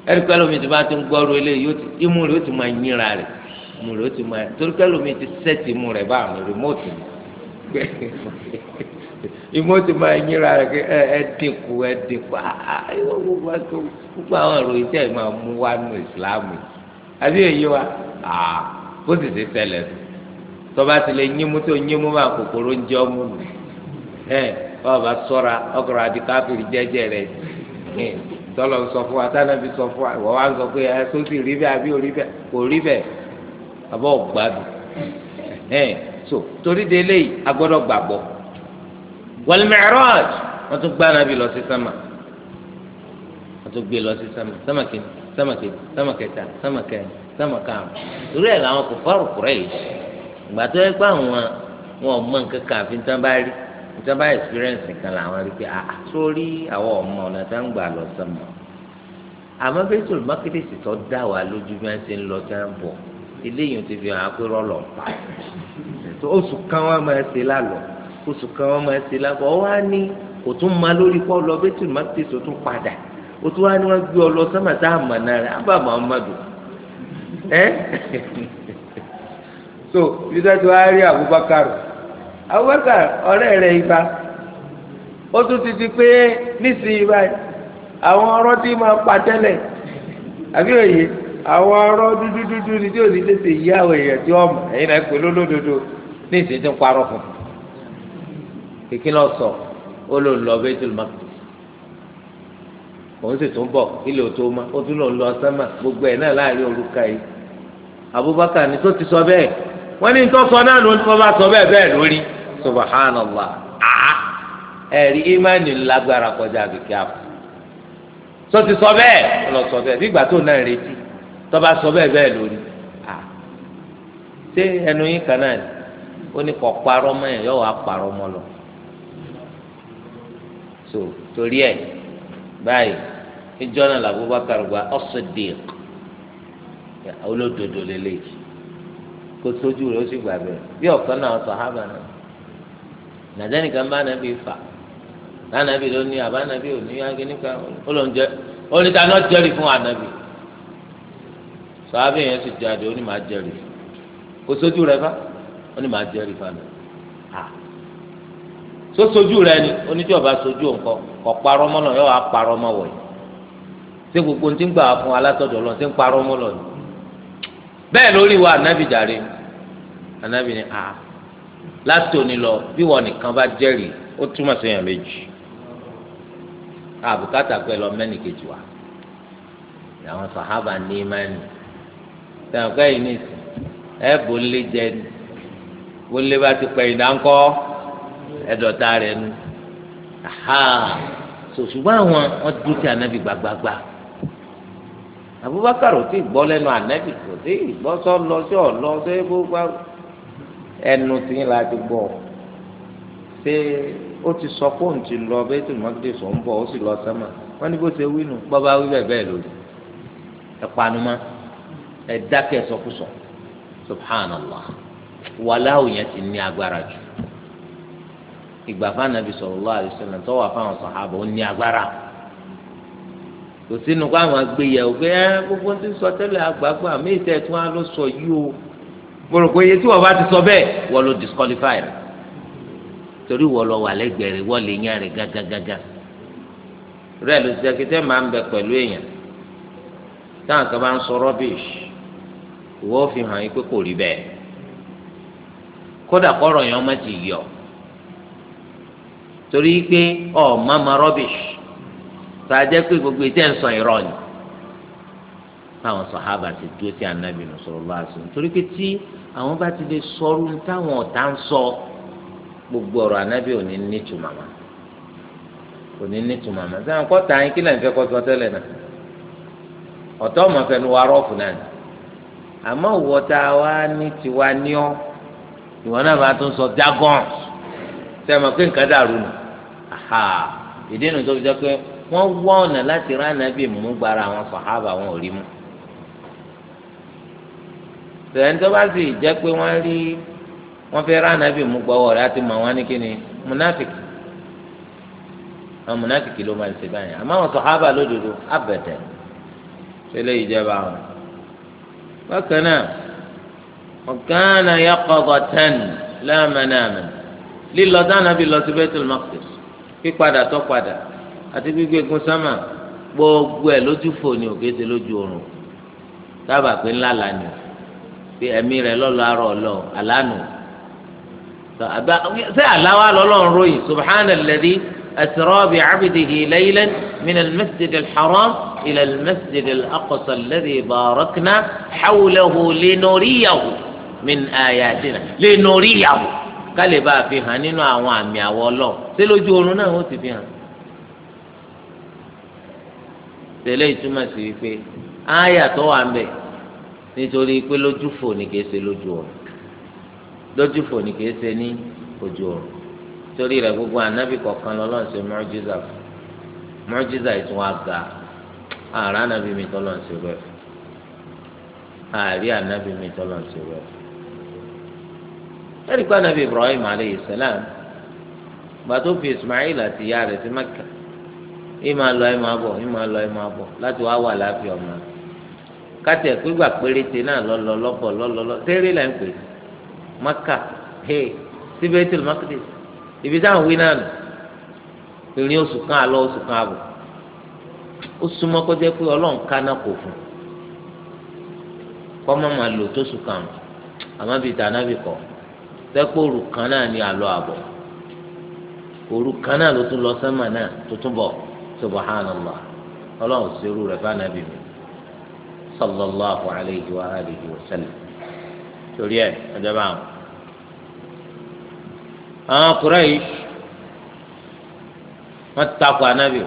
A: ẹ̀rí pẹ́ lómi tí bá ti ń gbọ́rú eléyìí imú rẹ̀ ó ti máa yínra rẹ̀ imú rẹ̀ ó ti máa torí pẹ́ lómi ti sẹ́ẹ̀tì imú rẹ̀ báà mi rìmọ́ọ̀tì mi imú ti máa yínra rẹ̀ kí ẹ dínkù ẹ dínkù ah, ah, gbogbo àwọn ìròyìn tẹ́ ẹ máa mú wá nù ìsìláàmù àbí èyí wa ah, bó sì ti ṣẹlẹ̀ tọ́ba ti lè yín tó yín mú kòkòrò ń jẹ́ ọmú mi. ẹ ọba sọra ọkọrọ àti káfíìrì jẹjẹ rẹ tọlọ sọ fún wa tánàbí sọ fún wa ìwọ wa ń sọ pé ẹ tó rí àbí kò rí so torí de eléyìí a gbọ́dọ̀ gbàgbọ́ wal mi'raj wọ́n tún gbá nàbí lọ sí sánmà wọ́n tún gbé lọ sí sánmà sánmà kejì sánmà kejì sánmà kẹta sánmà kẹrin sánmà karùn làwọn kò ìjọba experience nìkan làwọn rí pé àà ah, ah, sórí àwọn ọmọ ọ̀nà tá ń gbà lọ sọmọ àmọ́ bẹ́tùl mákìdìsì tó dá wa lójú bí wọ́n ti ń lọ tá ń bọ̀ eléyìí ti fi hàn án pé rọ́ọ̀lọ̀ ń pa oṣù kan wọn máa ṣe lálọ́ oṣù kan wọn máa ṣe lálọ́ ọ wá ní kò tún ma lórí pọ́ lọ bẹ́tùl mákìdìsì tó tún padà o tún wá ní wọ́n gbé ọ lọ sọ́mà tá a mọ̀ náà rẹ̀ ábà máa ń mọ̀dù ẹ́ so bí wọ́n ti wá rí Abubakar ọ̀rẹ́ rẹ̀ ibà ó tún ti di pé nísìnyí báyìí àwọn ọ̀rọ̀ tí máa pa tẹ́lẹ̀ àbí òye àwọn ọ̀rọ̀ dúdúdúdú ni tí òní tètè yí àwọn èèyàn tí wọ́n mọ̀ ẹ̀yin náà pè lólódodo ní ìsìn tí ń parọ́ fún un kìkì náà sọ ó lò lọ Baitul Maqdis òun sì tún bọ̀ ilé òtó ma ó tún lò lọ sẹ́mà gbogbo ẹ̀ náà láàrin olùkà yìí Abubakar ni tó ti sọ bẹ́ẹ̀ wọ́n ní tó sọ náà ló ń tó bá sọ bẹ́ẹ̀ bẹ́ẹ̀ lórí. subhanallah ah ẹ̀rí ìmánì lágbára kọjá àbíkí àpò sọ ti ọlọ sọ bẹ́ẹ̀ tó náà retí tọ́ba sọ bẹ́ẹ̀ lórí ah ṣé ẹnu yín kan náà ó ní kọ́ parọ́ mọ́ ẹ̀ yọ̀ wá parọ́ lọ so torí ẹ̀ báyìí ìjọ náà làbúbákàrọ̀ gba ọ̀sọ̀dìk olódodo lélẹ́yìí kó sójú rẹ̀ ó sì gbà bẹ́ẹ̀ bí náà sọ hábà náà nàdẹ́nìkan bá nàbí fà nànàbí ló ní àbá nàbí ò ní yáké nípa olóńjẹ oníta náà jẹ́rìí fún ànàbí sọ́ábì yẹn sì jáde ó ní màá jẹ́rìí kò sójú rẹ bá ó ní màá jẹ́rìí fún ànàbí tó sojú rẹ ni oníjọba sojú nǹkan kọ parọ́ mọ́ náà yọ wá parọ́ mọ́ wọ̀nyí ṣé gbogbo ní ti ń gbà fún alásọ̀dọ̀ lọ ṣé ń parọ́ mọ́ lọ ni bẹ́ẹ̀ lórí wa ànábì jàre ànábì ni àá. Ah láti òní lọ bí wọn nìkan bá jẹ́rìí ó túmọ̀ sí èèyàn méjì àbùkátà pé lọ mẹ́ni kejì wa àwọn sàhábà ní imáni sẹ́wọ̀n kẹ́yìn ní ìsìn ẹ bò ń lé jẹ ni bó lé bá ti pẹ̀yìn náà ń kọ́ ẹ̀dọ̀ta rẹ̀ nu ṣùgbọ́n àwọn wọn dúró ti ànábì gbàgbàgbà Abubakar ò tí ì gbọ́ lẹ́nu ànábì kò tí ì gbọ́ lọ sí ọ̀lọ́ sí gbogbo ẹnu tí yín láti gbọ́ ṣé ó ti sọ pé ti lọ bẹ́ẹ̀ tó mọ́tò sọ ń bọ̀ ó sì lọ sẹ́mà wọ́n ní bó ṣe wí nù bọ́ba wí sọkúsọ subhanallah wàláwò yẹn ti ní agbára jù ìgbà fáànàbì sallallahu alaihi wasallam tó wà fáwọn sàhábà ó ní agbára kò sínú kó àwọn gbogbo ti sọ mo iye tí wọ́n bá ti sọ bẹ́ẹ̀ wọ́n disqualify rẹ̀ torí wọ́n lọ wà lẹ́gbẹ̀ẹ́ rẹ̀ wọ́n lè yan rẹ̀ gágágágá rẹ̀ ló ti jẹ́ tẹ́ máa ń bẹ pẹ̀lú èèyàn táwọn kan bá ń sọ rubbish fi hàn yín pé kò rí bẹ́ẹ̀ kódà kọ́rọ̀ torí pé ọ̀ máa ma rubbish tó jẹ́ pé gbogbo ìtẹ́ ń táwọn sọ̀hábà ti dúró tí ànábì nù sọ̀rọ̀ lọ́wọ́ àṣọ nítorí pé tí àwọn bá ti lè sọ̀rọ̀ táwọn ọ̀tá ń sọ gbogbo ọ̀rọ̀ ànábì ò ní nítumọ̀ mọ́ kò ní nítumọ̀ mọ́ sẹ́wọ̀n kọ́ ta yín kí lẹ́yìn fẹ́ kọ́ sọ tẹ́lẹ̀ náà ọ̀tọ́ ọmọ fẹ́ nu wa rọ́ọ̀fù náà ni àmọ́ ìwọ tá a wá ní tiwa ní ọ́ ìwọ náà bá tún sọ jargon sẹ́wọ̀n pé nǹkan dàrú nù ìdí nu tó fi jẹ́ pé wọ́n wá ọ̀nà láti rán ànábì mú gbára àwọn sọ̀hábà wọn ò rí mú tẹ̀lé tó bá sì jẹ́ pé wọ́n rí wọ́n fẹ́ rán ànábì mú gbọ́wọ́ rẹ̀ àti mọ̀ wọ́n ní kíni munafiki àwọn munafiki ló máa ń ṣe báyìí àmọ́ àwọn sọ̀hábà lódodo abẹ̀tẹ̀ ṣẹlẹ̀ ìjẹba wọn. bákan náà ọ̀gáàna ya kọ̀ọ̀kọ̀ tán lẹ́ẹ̀mẹ́nàmẹ́ lílọ dáná bí lọ sí Baitul Maqdis pípadà tó padà àti gbígbégun sámà gbogbo ẹ̀ lójú fò ní òkè pé ẹ̀mí rẹ̀ lọ́lọ́ arọ ọ̀lọ́ àlánù ṣé àláwá lọ́lọ́run ròyìn subhana alladhi asra bi abdihi laylan min almasjid alharam ila almasjid alaqsa alladhi barakna hawlahu linuriyahu min ayatina linuriyahu kálí bá fi hàn nínú àwọn àmì àwọ ọlọ́ọ̀ ṣé lójú oorun náà ó ti fi hàn. tẹ̀lé ìtumọ̀ sí wípé ááyà tó wà ń bẹ̀ nítorí pé lójúfò ni kìí ṣe lójú ọ̀run lójúfò ni kìí ṣe ní ojú ọ̀run torí rẹ̀ gbogbo ànábì kọ̀ọ̀kan lọ́lọ́run ṣe mọ́jísà mọ́jísà ìtún wa ga ààrẹ ànábì mi tọ́lọ̀ ṣe rẹ̀ ààrẹ ànábì mi tọ́lọ̀ ṣe rẹ̀ ẹ̀rí pé Ibrahim aleyhi salam gbàtó fi Ismail àti ìyá rẹ̀ sí Mẹ́kà ìmọ̀ àlọ́ ìmọ̀ àbọ̀ ìmọ̀ àlọ́ ìmọ̀ àbọ̀ láti wá wà láàfin kátìẹ̀ pígbà péréte náà lọ́lọ́ lọ́bọ̀ lọ sẹ́rí là ń pè maka he síbẹ̀ tí ibi táwọn wí náà nù ìrìn oṣù kan àlọ́ oṣù kan àbọ̀ ó súnmọ́ kó jẹ́ pé ọlọ́run kaná kò fún kọ́ mọ́ máa lò tó sùn kàn bíi kan náà ni àlọ́ àbọ̀ kan náà ló tún lọ náà tó tún sallallahu alayhi wa alihi wa sallam torí ẹ ẹjọ bá wọn. àwọn Quraysh wọ́n takò ànábì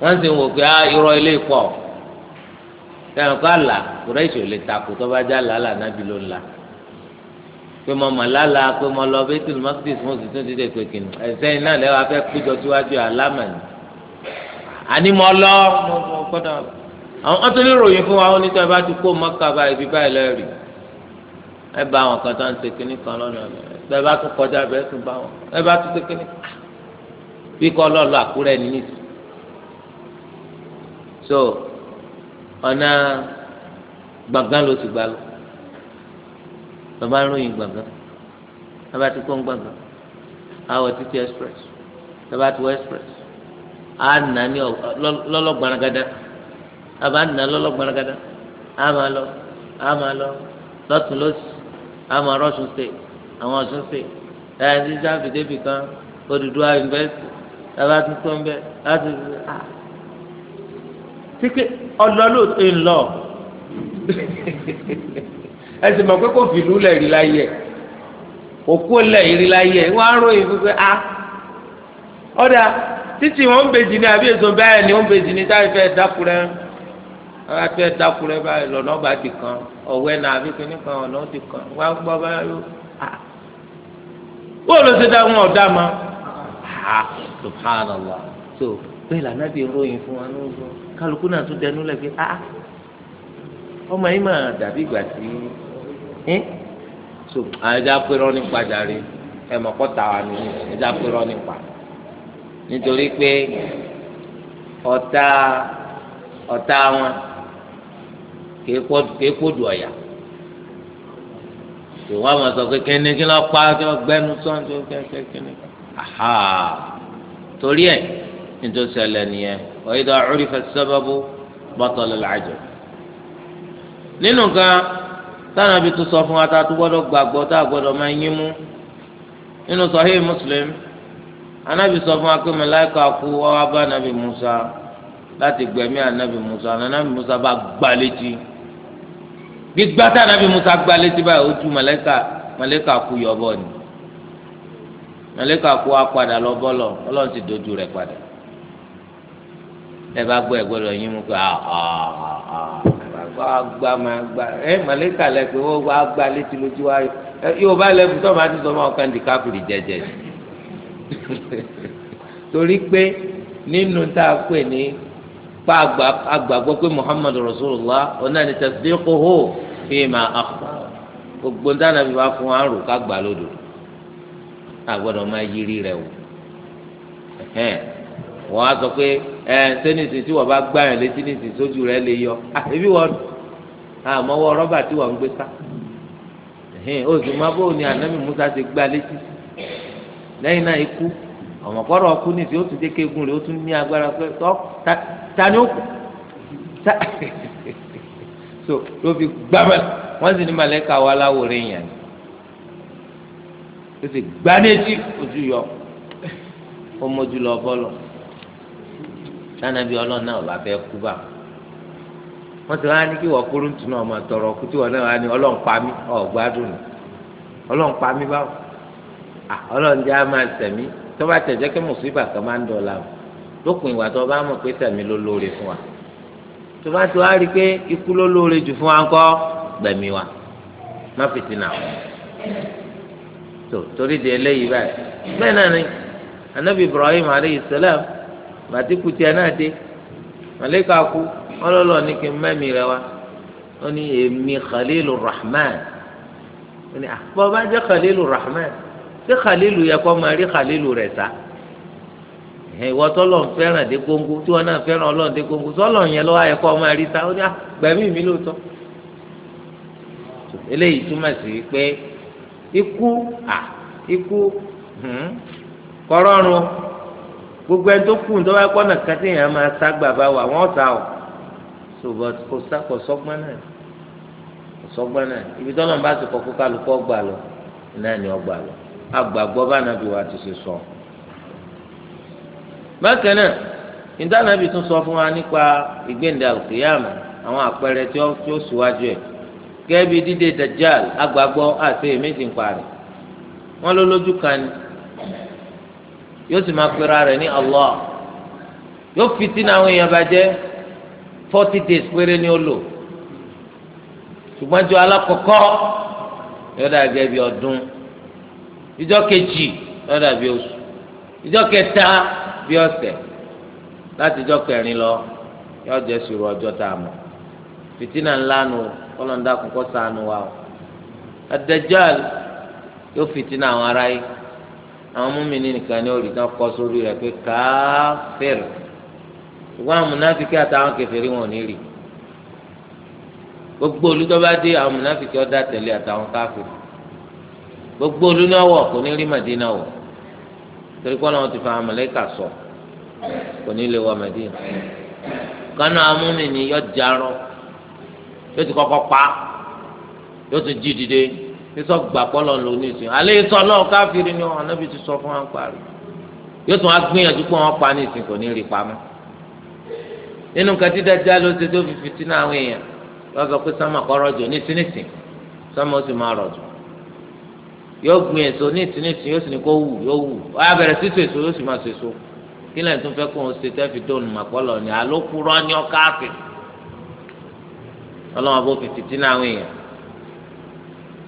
A: wọ́n sì ń wò pé ah, irọ́ ilé pọ̀ sẹ́yìn kọ́ àlà Quraysh ò lè takò tó bá já làálà ànábì ló ń la pé mo mọ̀ lálá pé mo lọ Baitul Maqdis mo sì tún ti dé pé kìnnìún ẹ̀sẹ̀ iná lẹ́wọ̀ afẹ́ kújọ síwájú àlámà ni àní mo lọ mo padà àwọn atọ́lé ròyìn fún wa ó ní a bá ti kó mọ́kà báyìí bí báyìí lẹ́rìí ẹ bá àwọn kan tó ń ṣe kínní kan lọ́nà ẹ bá tún kọjá bẹ́ẹ̀ tún bá wọn ẹ bá tún ṣe kínní kan bí kọ́ lọ́ọ́ lọ àkúrẹ́ ní nìyí. so ọ̀nà gbàngán ló ti gbà lọ bàbá ń ròyìn gbàngán bàbá ti kó ń gbàngán àwọ̀ títí express bàbá ti wọ express á nà ní lọ́lọ́gbanagada a bá nà lọ́lọ́gbanagada a máa lọ a máa lọ lọ́tún lọ́sì a máa rọ́ṣùn ṣe àwọn ọ̀ṣun ṣe ẹ̀ ẹ́ ṣíṣá fìdébì kan Odùduwà yunifásitì ẹ bá tún tó ń bẹ láti ṣe à. tíkẹ́ ọlọ́lọ́tò ń lọ ẹ sì mọ̀ pé kò fìlú lẹ̀ rí láyé òkú lẹ̀ rí láyé wọ́n á ròyìn fún a ah, ọ̀dà títí wọn ń bèjì ní àbí èso báyìí ni wọn ń bèjì ní táyì fẹ́ dákú rẹ ara fẹ́ dákú rẹ báyìí lọ́nà ọba ti kàn ọ̀wẹ́ náà àbí kíní kan ọ̀nà ó ti kàn wá gbọ́ báyìí
B: bóòlù ló ṣe dá wọn ọ̀dá ma
A: subhanallah so bẹ́ẹ̀ lànà bí ròyìn fún wa ní oṣù kálukú náà tún dẹnu lẹ́bi ah ọmọ yìí mà dàbí ìgbà tí so àyẹ̀dá pérọ́ nípa jàre ẹ̀ mọ̀kọ́ta wa ni ẹ̀dá pérọ́ nípa nítorí pé ọ̀tá ọ̀tá wọn kìí kódù ọ̀yà ìwà máa sọ pé kíni kí ló pa kí ló gbẹnu sọ́n tó kẹ́kẹ́ kíni. torí ẹ̀ nítorí ṣẹlẹ̀ nìyẹn wa idha urifa as-sababu batala al-ajab. nínú kan táwọn ibi tó sọ fún wa tá a tó gbọ́dọ̀ gbàgbọ́ tá a gbọ́dọ̀ máa yín mú nínú Sahih Muslim anabi sọ fún wa pé mẹláìka kú wá bá anabi musa láti gbẹ̀mí anabi musa anabi musa bá gbá létí gbígbá tá anabi musa gbá létí báyìí ó tú mẹláìka mẹláìka kú yọbọ ni mẹláìka kú wa padà lọ bọlọ Ọlọ́run ti dojú rẹ̀ padà ẹ bá gbọ́ ẹ gbọ́dọ̀ yín mú pé agba ma gba ẹ mẹláìka lẹ pé wọn wá gbá létí lójú wa yóò bá lẹ fún tọ́ ma ti sọ ma ọkàn dìkápìlì jẹjẹ torí pé nínú tá a pè ní pa àgbàgbọ́ pé muhammad rasulullah ọ̀nà ni tasdiquhu fi ma akhbar gbogbo nta nàbí bá fún wa ń rò ká gbà lódò àgbọ̀dọ̀ máa yiri rẹ̀ wò wọ́n á sọ pé ẹ sẹ́nìsì tí wọ́n bá gbá yàn létí nìsì sójú rẹ̀ lè yọ àbí wọ́n àmọ́wọ́ rọ́bà tí wọ́n ń gbé sá ó sì máa bóun ni ànábì musa ti gbá létí sí lẹ́yìn náà ikú ọmọ kọrọ ọkú nìsí ó tún dé kéegun rẹ ó tún ní agbára pé tọ ta ni ó ta so ló fi gbàmẹ wọn sì ní màlẹka wà láwòrán yẹn ó sì gbanéjì ojú yọ ó mójú lọ bọlọ tánàbí Ọlọ́run náà ọba fẹẹ kú bá wọn ti wá ní kí wọn kúrú tún náà máa tọrọ kú náà wá ní Ọlọ́run pa mí ọgbádùn Ọlọ́run pa mí báwọn ọlọ́run jẹ́ á máa tẹ̀mí tó bá tẹ̀ jẹ́ kí mùsùlùmí kan máa ń dọ̀la o lópin ìwà tó bá mọ̀ pé tẹ̀mí ló lóore fún wa tó bá tó á rí i pé ikú ló lóore jù fún wa ńkọ́ gbẹ̀mí wa má fìtínà o tó torí di eléyìí báyìí bẹ́ẹ̀ náà ni anabi ibrahim aleyhi salam bàtíkù tiẹ̀ náà dé màlẹ́kà kú ọlọ́lọ́ ní kí n mẹ́mí rẹ wa ó ní èmi khalilu rahman ó ní àpò ah, bá jẹ́ khalilu rahman ṣé khalilu yẹ kó máa rí khalilu rẹ̀ sá ìwọ tọ́lọ̀ ń fẹ́ràn dé góńgó tí wọn náà fẹ́ràn ọlọ́run dé góńgó sọ́lọ̀ yẹn lọ́wọ́ ayẹ kó máa rí sá ó ní ah, gbẹ̀mí mi lóòótọ́ eléyìí túmọ̀ sí pé ikú à ikú kọ́rọ́rùn gbogbo ẹni tó kù tó bá kọ́ ọ̀nà kan tí máa sá gbà bá wà wọ́n sá o ṣùgbọ́n kò sá kò sọ́gbọ́n náà kò sọ́gbọ́n náà ibi tọ́lọ̀ bá ti kọ́ kálukọ́ gbà lọ náà ni ọ lọ. agbàgbọ́ bá nàbí wa ti ṣe sọ. bákan náà ìdánábì tún sọ fún wa nípa ìgbéǹde alùkìyàmù àwọn àpẹẹrẹ tí ó síwájú ẹ̀ gẹ́gẹ́ bí dídé dajjal agbàgbọ́ àti èméjì ń parí wọ́n ló lójú kan ni yóò sì máa pera rẹ̀ ní Allah yóò fi sínú àwọn èèyàn je forty days péré ni ó lò ṣùgbọ́n ju alákọ̀ọ́kọ́ yóò dà gẹ́gẹ́ bí ọdún. ìjọ kejì lọ́dà bí oṣù ìjọ kẹta bí ọ̀sẹ̀ láti ìjọ kẹrin lọ yọ jẹ́ sùúrù ọjọ́ tá a mọ̀ fìtínà ńlá nu kọ́lọ́ńdà kọ́kọ́ sànù wa o ad yóò fìtínà àwọn ará yìí àwọn nìkan ní orí kọ́ sórí rẹ̀ pé ṣùgbọ́n àwọn gbogbo olùdó àwọn múnáfíkì ọ̀dà tẹ̀lé àtàwọn gbogbo olúnáwọ̀ kò ní rí Mẹdínà wọ̀ torí kọ́ náà wọ́n ti fa amọ̀lẹ́kà sọ kò ní lè wọ Mẹdínà kánú amúni ni yọ jarọ yóò ti kọ́kọ́ pa yóò ti jí dìde sísọ gbàgbọ́lọ̀ ló ní ìsìn alẹ́ sọ náà káfíìrì ni ọ̀nà bí ti sọ fún wa ń parí yóò tún wá gbìyànjú pé wọ́n pa ní ìsìn kò ní rí pamọ́ nínú kẹtí dájá ló ṣe tó fi fìtínà àwọn èèyàn lọ́sọ̀ pé sọ́mà kọ́ rọ̀jò nísìnyìsìn sọ́mà ó sì máa rọ̀jò yóò gbin èso ní ìtúnìtún yóò sì ní kó wù yóò wù ó yà bẹ̀rẹ̀ sí sèso yóò sì máa sèso kí lẹ́yìn tó ń fẹ́ kó ń ṣe tẹ́fì tó nù màpọ́lọ̀ ni àlòkùrọ̀ ni ọ káàkiri ọlọ́wọ́n bó fi fìtínà àwọn èèyàn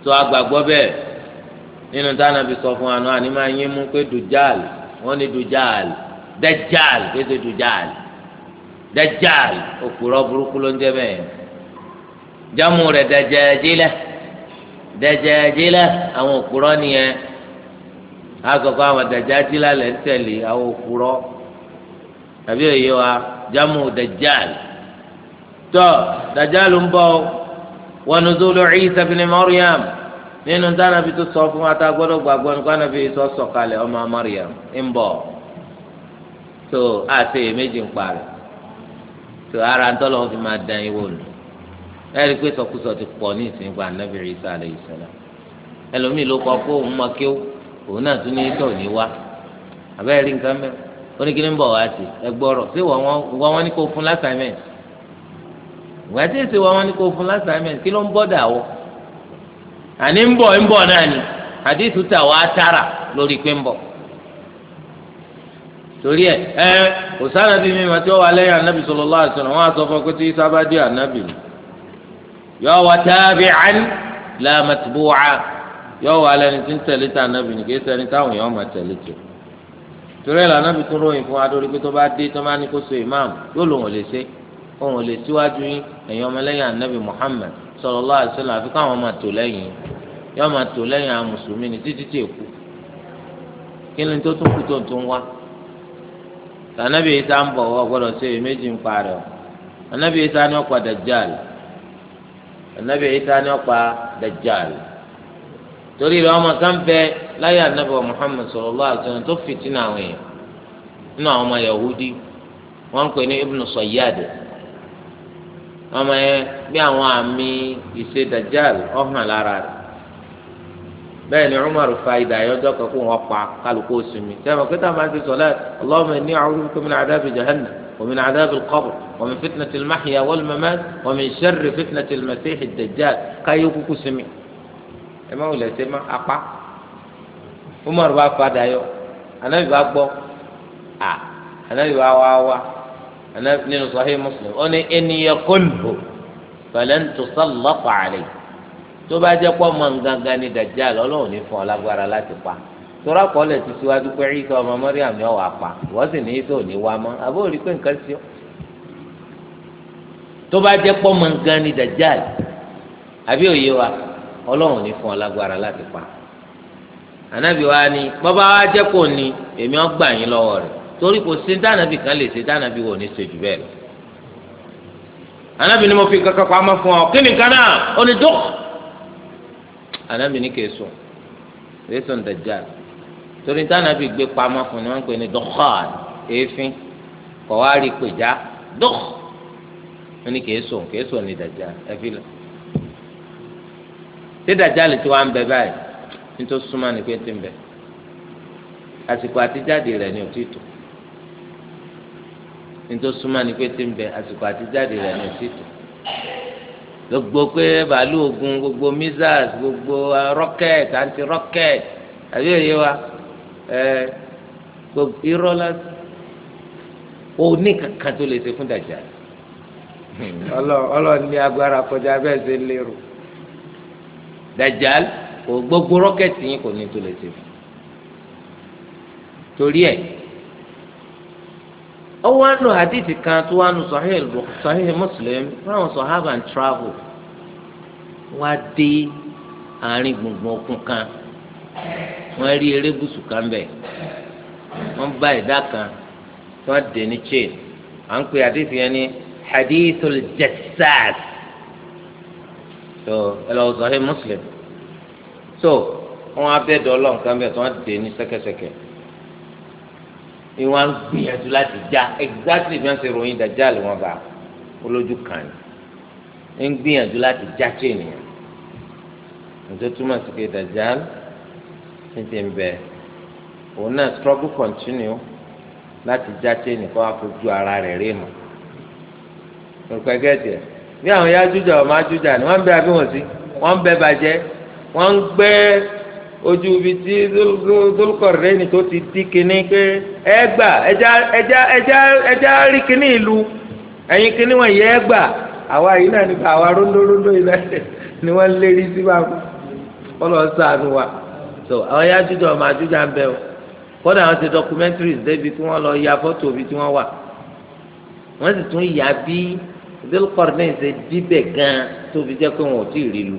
A: tó agbàgbọ́ bẹ́ẹ̀ nínú táwọn àbí sọ fún wa náà ni máa yín mú pé dùjáàlì wọ́n ní dùjáàlì dẹ́jáàlì kéde dùjáàlì dẹ́jáàlì òkúrọ̀ burúkú ló ń jẹ́ bẹ́ẹ̀ jámù rẹ̀ dẹ́jẹ́ jílẹ̀ dẹjẹjìlẹ àwọn òkúrọ nìyẹn àkọ́kọ́ àwọn dẹjẹjìlẹ lẹ ń tẹ̀lé àwọn òkúrọ àbí òye wa jamu dajjal tọ dajjal ń wa Isa bin Maryam nínú dáná fi tó sọ fún wa tá a gbọ́dọ̀ gbàgbọ́ nípa náà sọ sọ̀kalẹ̀ ọmọ Maryam ń bọ̀ tó àti èméjì ń parẹ tó ara ń ẹ̀rí pé sọkúsọ ti pọ̀ ní ìsìnkú Isa alayhi salam ẹlòmíì ló kọ kó òun mọ kí òun náà tún ní ìtọ̀ ní wá àbẹ́ rí nǹkan mẹ́rin ó ní kí ni ń bọ̀ wá fún lásàmẹ́ǹt tí fún lásàmẹ́ǹt kí ló ń bọ́ dà wọ́ àní ń bọ̀ ń bọ̀ náà torí ẹ ẹ mímọ tí wà anábì wọn á pé tí sábà yọ wà tabi'an la matbu'a yọ wà lẹni tí ń tẹ̀lé tà nàbì nìkan èsì ẹni táwọn èèyàn máa tẹ̀lé tì torí ẹ̀ lànà bí tó ròyìn fún wa lórí pé tó bá dé tó máa ní kó so ìmáàmù yóò lòun ò lè ṣe òun ò lè síwájú yín ẹ̀yin ọmọlẹ́yìn anabi Muhammad sallallahu alaihi wasallam àfi káwọn máa tò lẹ́yìn yóò máa tò lẹ́yìn àwọn mùsùlùmí ní títí tí èkú kí ni tó tún kú tó tún wá tànàbí isa ń bọ̀ wọ́n gbọ́dọ̀ ṣe èméjì ń parẹ́ ọ anabi isa ni ọ̀pá dajjal torí rẹ̀ ọmọ kan bẹ láyé anabi muhammed sallallahu alaihi wasallam tó fìtínà àwọn èèyàn nínú yahudi wọ́n ń pè ní ibnu sayyad ọmọ bẹ́ẹ̀ ni Umar fa ìdáyọjọ́ kan kó wọn pa kálukú oṣù mi sẹ́wọ̀n pé táwọn máa ti sọ̀lá Allahumma inni a'udhu bika min adhabi jahannam wa min adhabi al-qabr wa min fitnati al-mahya wal-mamat wa min sharri fitnati al-masih ad-dajjal káyé kúkú sí mi ẹ má wulẹ̀ ṣe má apá Umar bá fa dayọ anabi bá gbọ́ a anabi bá wá wá anabi nínú Sahih Muslim ó ní in yaqulhu falan tó bá jẹ́ pọ́ mọ̀ ngangan ni dajjal ọlọ́run ní fún ọ lágbára láti pa tọ́lá kọ́lẹ̀ ti síwájú pé ìsọ ọmọ mọ́ríàm ni ọ wà pa ìwọ́n sì ní ìsọ òní wá mọ́ àbó rí pé nǹkan sí ọ. tó bá jẹ́ pọ́ mọ̀ ngan ni dajjal àbí òye wa ọlọ́run ní fún ọ lágbára láti pa anabi wa ni bàbá wa jẹ́ kó ni èmi ọ gbà yín lọ́wọ́ rẹ̀ torí kò sí dànàbì kan lè ṣe dànàbì wò ní ṣe jù bẹ́ẹ̀ anabi ní torí tí anabi gbé pamọ́ fún ni wọ́n ń pè ní dọ́kàn èéfín kọ̀ pèjá dọ́k ní kẹsùn ẹ̀fí lọ. tí ti wá ń bẹ báyìí súnmọ́ ni pé ti ń bẹ àsìkò àtijáde ni ò gbogbo pé bàálù ogun gbogbo missiles gbogbo uh, rocket anti rocket àbí òye wa gbogbo irọ́ láti òní kankan tó lè ṣe fún dàjà ọlọ́run ní agbára kọjá bẹ́ẹ̀ ṣe lérò dàjà gbogbo rocket yín kò ní tó lè ṣe fún torí ẹ̀ ọwọ́ àánú hadithi kan tó wà nù sahih muslim fáwọn sahaba ń travel wá dé àárín gbùngbùn òkun kan wọ́n rí erébùsù kan bẹ̀ wọ́n bá ìdá kan tí wọ́n dè ní chain à ń pè hadithi yẹn ní hadithul jassas so ẹ sahih muslim so wọ́n abẹ́ dọ́lọ́ nǹkan bẹ̀ tí wọ́n dè ní sẹ́kẹ́sẹ́kẹ́ ni wọ́n á gbìyànjú láti já exactly bí wọ́n ṣe ròyìn Dajjal wọn bá olójú kan ní ń gbìyànjú láti já tó ènìyàn nítorí túmọ̀ sí pé Dajjal ti ti ń bẹ òun náà struggle continue láti já tó ènìyàn kó wá fojú ara rẹ̀ rí mọ́ òrùka gẹ́ẹ̀tì bí àwọn yájújà ọ̀ máa ni wọ́n ń bẹ abíwọ̀n sí wọ́n ń bẹ bàjẹ́ wọ́n ń gbẹ́ ojú ibi tí dolukọrẹ́ni tó ti di kínní pé ẹ gbà ẹja ẹja ẹja ẹja rí kínní ìlú ẹ̀yin kínní wọ̀nyí ẹ gbà àwa yìí náà nípa àwa rondórondó yìí náà ni wọ́n lérí sí wa ọlọ́sàánú wa so àwọn yá jújọ ọmọ àjújà ń bẹ o kódà àwọn ti documentaries débi tí wọ́n lọ ya fọ́tò òbí tí wọ́n wà wọ́n sì tún yà bí dolukọrẹ́ni ṣe díbẹ̀ gan-an tó fi jẹ́ pé wọn ò tí ì rí lu.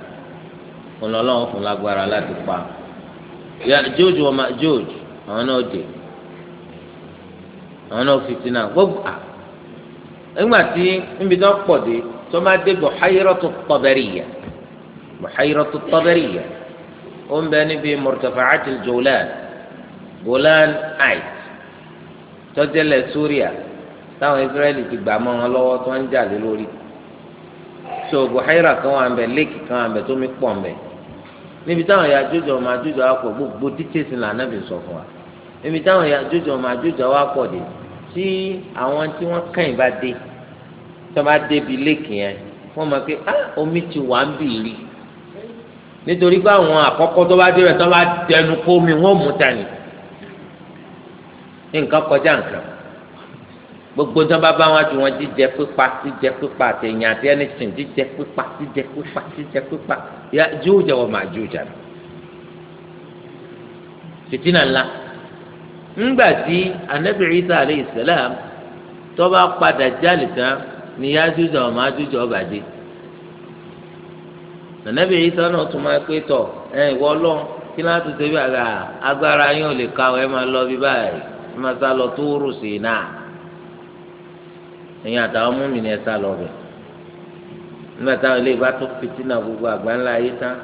A: ọlọ́run fún lágbára láti pa Yájúj wa Májúj àwọn náà dé àwọn náà fìtínà gbogbo à nígbà tí níbi tó pọ̀ dé tó máa dé Buhayratu Tabariyya Buhayratu Tabariyya ó ń bẹ níbi Murtafa'atil Julan Golan Heights tó jẹ́lẹ̀ táwọn Israẹli ti gbà mọ́ wọn lọ́wọ́ tó ń jà lé lórí so Buhayra kan wà ń bẹ lake kan wà ń bẹ tómi pọ̀ ń bẹ níbi táwọn ya jójọ ọmọ àjójọ wa pọ̀ gbogbo dítẹ́sì là nàbì sọ fún wa níbi táwọn ya jójọ ọmọ àjójọ wa pọ̀ dé tí àwọn tí wọ́n kàn bá dé tí wọ́n bá débi léèkì yẹn wọ́n mọ̀ pé ah omi ti wà ń bì rí nítorí pé àwọn àkọ́kọ́ tó bá débẹ̀ tó bá dẹnu kó mi wọ́n mú tani nǹkan kọjá nǹkan gbogbo tó bá bá wọn ju wọn jíjẹ pípa jíjẹ pípa àtẹyìn àti ẹnìtìn jíjẹ pípa jíjẹ pípa jíjẹ pípa ya Yájújà wa Májújà ni fìtínà ńlá ńgbà tí anabi Isa aleyhi salam tó bá padà jáde tán ni Yájújà wa Májújà ọba dé anabi Isa náà tún máa pé tọ ẹ ìwọ Ọlọ́run kí láti ṣe bí agbára yín ò lè kàwé ẹ máa lọ bí báyìí ẹ̀yin àtàwọn mú mi ní ẹ̀sà lọ bẹ̀ nígbà táwọn ilé ìbá tó fìtínà gbogbo àgbáńlá ayé tán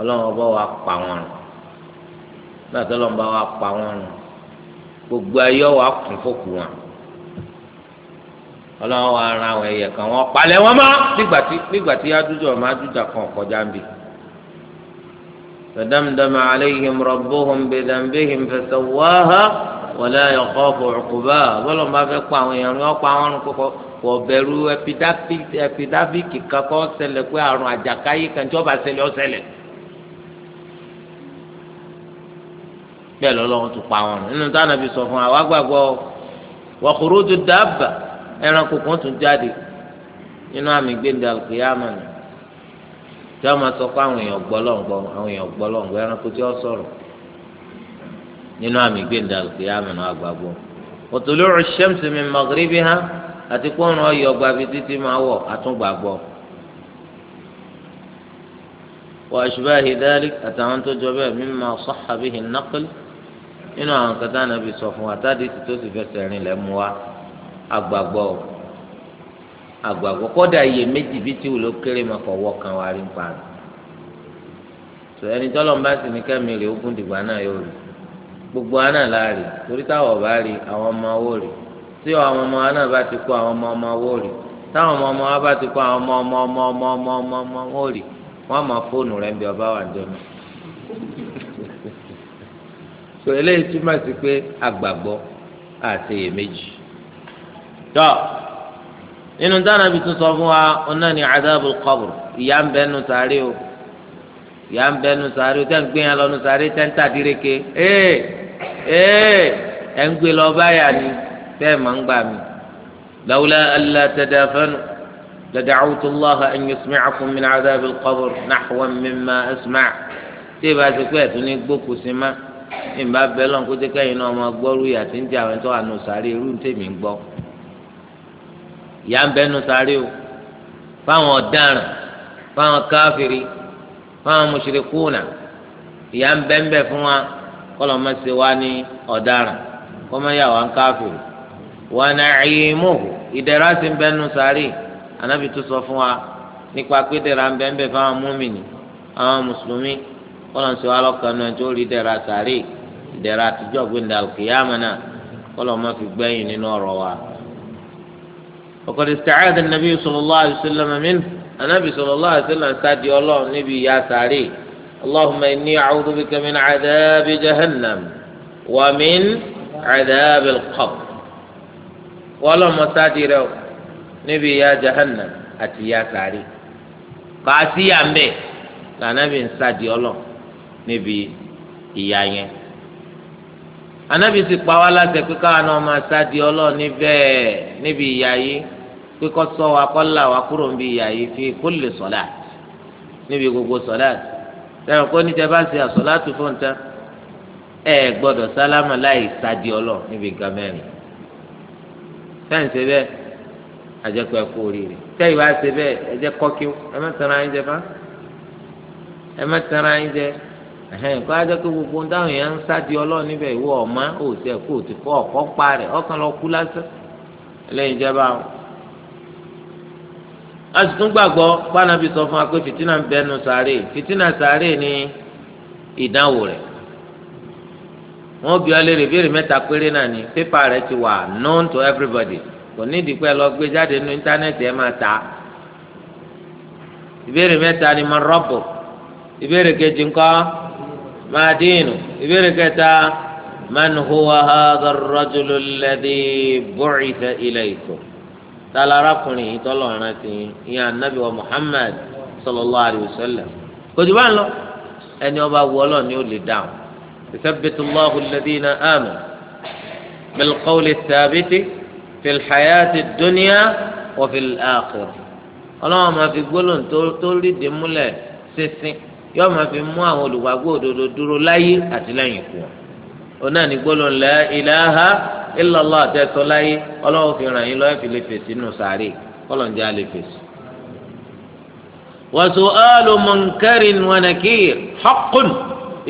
A: ọlọ́run ọba wa pa wọn rùn nígbà tó lọ́nba wa pa wọn rùn gbogbo ayé wa kún fòkù wọn ọlọ́run wa ran àwọn ẹ̀yẹ kan wọn palẹ̀ wọn mọ́ nígbà tí adúdú ọmọ adúdà kan kọjá ń bì. فدمدم عليهم ربهم بذنبهم فسواها wala yakhafu uqba bọ́lọ̀ máa fẹ́ pa àwọn èèyàn ni wọ́n pa àwọn ọ̀run kọ́kọ́ wọ́n bẹ̀rù ẹ̀pídáfíkì kankan ṣẹlẹ̀ pé àrùn àjàkáyé kan tí wọ́n bá ṣẹlẹ̀ ó ṣẹlẹ̀. bẹ́ẹ̀ lọ́lọ́run tún pa àwọn ọ̀run nínú táwọn àbí sọ fún wa wá gbàgbọ́ wa khuruju dabba ẹranko kan jáde nínú àmì gbẹ̀ndẹ̀ alùpùpù tí wọ́n máa sọ fún àwọn èèyàn gbọ́lọ́ngbọ́ àwọn èèyàn gbọ́lọ́ngbọ́ ẹranko tí wọ́n sọ̀rọ̀ nínú àmì gbẹ̀ndà al-qiyamah àmì àgbàgbọ́ wa tulu'u ash-shamsi min maghribiha àti kóòrùn ọyọ gbàbí títí máa wọ̀ àtúngbàgbọ́ wa ashbahi dhalik àtàwọn tó jọ bẹ́ẹ̀ mimma sahha bihi an-naql nínú àwọn kẹta nàbì sọ fún wa táàdì tí tó sì fẹsẹ̀ rìn lẹ́ mú wa àgbàgbọ́ àgbàgbọ́ kọ́dà iye méjì bíi tí wùlò kéré máa fọwọ́ kan wa rí pa ẹni tọ́lọ́mbà sì ní kẹ́mi rè ogún dìgbà náà yóò rí gbogbo àná la rí torí táwọn ọba rí àwọn ọmọ owó rí tí àwọn ọmọ àná bá ti kó àwọn ọmọ ọmọ owó rí táwọn ọmọ ọmọ wa bá ti kó àwọn ọmọ ọmọ ọmọ ọmọ ọmọ ọmọ ọmọ owó rí wọn máa fóònù rẹ bí ọba wà jọ náà so eléyìí túmọ̀ sí pé àgbàgbọ́ àti èméjì tọ nínú dáná bí tún sọ fún wa ọ̀nà ni adábùl qabr ìyá ń bẹ́ẹ̀ nù sáré o ìyá ń bẹ́ẹ̀ nù sáré o tẹ́ ń gbé yẹn lọ nù sáré tẹ́ ń tàdíreke ee. Hey! ee ẹ ń gbé lọ báyà ni bẹ́ẹ̀ máa ń gbà mí. lawla alla tadafanu lada'awtu allaha an yusmi'akum min 'adhabi al-qabr nahwan mimma asma' tí ìbá ti pẹ́ tún ní gbókùn sí má ìbá bẹ́ẹ̀ lọ́n kó tẹ́ kẹ́yìn náà ọmọ gbọ́rú ìyá tí ń jẹ àwọn tó wà sáré irú tèmi ń gbọ́ ìyá ń bẹ́ẹ̀ nù sáré o fáwọn ọ̀daràn fáwọn káfìrí fáwọn mushrikuna ìyá ń bẹ́ẹ̀ ń bẹ́ẹ̀ fún wa kọlọ ma ṣe wá ní ọ̀daràn kọmọ yà wá ń káfíìn wa na'imuhu ìdẹ̀ra sì ń bẹnu sáré anabi tó sọ fún wa nípa pé dẹ̀ra ń bẹ́ẹ̀ bẹ́ẹ̀ fáwọn múmìnì àwọn mùsùlùmí kọlọ ń ṣe wá tó rí dẹ̀ra sáré ìdẹ̀ra àtijọ́ gbẹ̀ndà al kọlọ ma fi gbẹ̀yìn nínú ọ̀rọ̀ wa. وقد استعاذ النبي صلى الله عليه وسلم منه النبي صلى الله عليه وسلم استعاذ الله نبي يا اللهم إني أعوذ بك من عذاب جهنم ومن عذاب القبر ولما مصادر نبي يا جهنم أتي يا ساري قاسي يا مبي لأنا بن سادي الله نبي ìyá yẹn anabi sì pa wá láṣẹ pé káwọn náà máa sáàdì ọlọ́ọ̀ níbẹ̀ níbi ìyá yìí pé kó ṣọ́ wa kó là wa kúrò níbi ìyá yìí fi kulli salat níbi gbogbo salat sẹ́wọ̀n kó ní tẹ́ bá ṣe àsọ̀látù fún ta ẹ gbọ́dọ̀ sálámà láì sádi ọlọ́ níbi nǹkan mẹ́rin sẹ́ǹsì bẹ́ẹ̀ àjẹpẹ́ kú oríire sẹ́yìn bá ṣe bẹ́ẹ̀ ẹ jẹ́ kọ́kíw ẹ má tẹ̀ra ẹ bá ẹ má tẹ̀ra ẹ gbogbo dáhùn yẹn ń sádi ọlọ́ níbẹ̀ ìwọ ọ̀ma a gbàgbọ́ pànàbí sọ fún wa pé fitina ń bẹnu sàárè ni ìdánwò rẹ̀ wọn bí ọ léèrè béèrè mẹ́ta péré náà ni pépà rẹ̀ ti wà known to everybody kò ní ìdí pé lọ gbé jáde nínú íńtánẹ́ẹ̀tì ẹ máa ta ìbéèrè ni ma rabbu ìbéèrè kejì ma dinu ìbéèrè kẹta man huwa hadha ar-rajulu alladhi bu'itha tala arákùnrin yìí tọ́lọ̀ rántí ìyá anabi wa muhammad sallallahu alayhi wa sallam kò jù bá ń lọ ẹni ọba wọ ọlọ́ọ̀ ni ó lè dáhùn ìsẹ́bìtì allahu alladhina amanu bilqawli thabiti fil hayati dunya wa fil akhirah ọlọ́wọ́n máa fi gbólóhùn tó rí di múlẹ̀ sísìn yóò máa fi mú àwọn olùgbàgbọ́ òdodo dúró láyé àti lẹ́yìn ikú wọn. ọ̀nà ni gbólóhùn la ilaha. illallah àtẹ̀sọ́ láyé ọlọ́run fi ràn yín lọ́wọ́ fi lè fèsì nù sàárè kọ́lọ̀njẹ́ á lè fèsì. wa su'alu munkarin wa nakir haqqun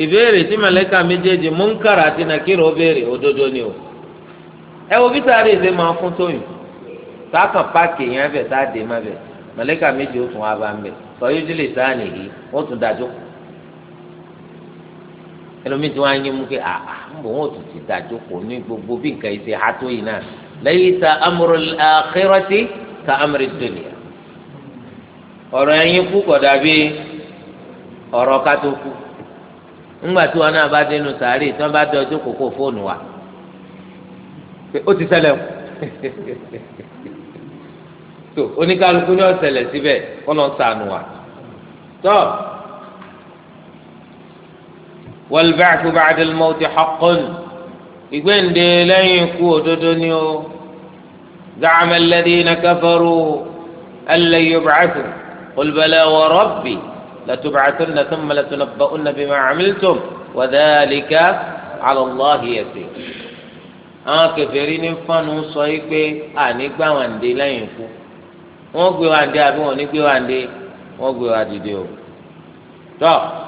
A: ìbéèrè tí mẹlẹ́ka méjèèjì munkar àti nakir ó béèrè òdodo ni o. ẹ wo bí sàárè ṣe máa fún tóyìn táàkàn páàkì yẹn bẹ̀ tá a dé má bẹ̀ mẹlẹ́ka méjì ó tún wá bá ń sọ yóò sáà nìyí ó tún dájú ẹlòmíì tí wọn á yín mú ah, ah, wọn ò tún ti dájú kò ní gbogbo bí nǹkan ha àtó yìí náà ka amrud dunya ọ̀rọ̀ ẹ̀yin kú kò dàbí ọ̀rọ̀ ká kú ńgbà tí wọn náà bá sàárè tí wọn bá fóònù wa ó ti ṣẹlẹ̀ o sànù wa والبعث بعد الموت حق ìgbéǹde lẹ́yìn ikú òdodo ni o زعم الذين كفروا أن لن يبعثوا قل بلى وربي لتبعثن ثم لتنبؤن بما عملتم وذلك على الله يسير àwọn kèfèrí ní fánu sọ yìí pé àní gbà wọn dé lẹ́yìn ikú wọn gbé wọn dé àbí wọn ò ní gbé wọn dé wọn gbé wọn dìde o tọ. So,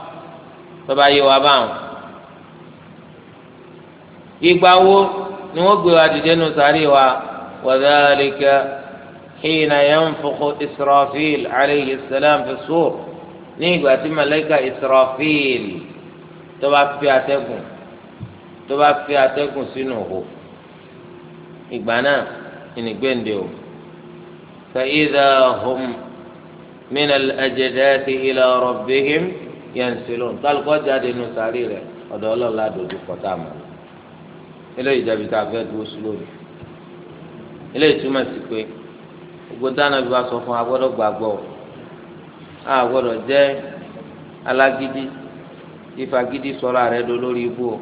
A: tọba yé wa báwọn ìgbà wo ni wọ́n gbé wa dìde nù sáré wa wàdàlíkà hìnà yanfukhu israfil aleyhi salam fi sùúr ní ìgbà tí malayika israfil tọba fi atẹ́gùn tọba fi atẹ́gùn sínú hù ìgbà náà ìnìgbẹ́ǹde o fa idha hum min al-ajdathi ila yẹn ṣe lóhùn kálukọ́ jáde nù sáré rẹ̀ ọ̀dọ̀ ọlọ́ọ̀la dòdò kọ́tà mọ́ ilé ìjẹ́bi tá a fẹ́ dúró sí lónìí ilé ìtumọ̀ sí pé gbogbo dáná bí wàá sọ fún wa gbàgbọ́ a gbọ́dọ̀ jẹ́ alágídí ìfagídí sọ̀rọ̀ do lórí ibú o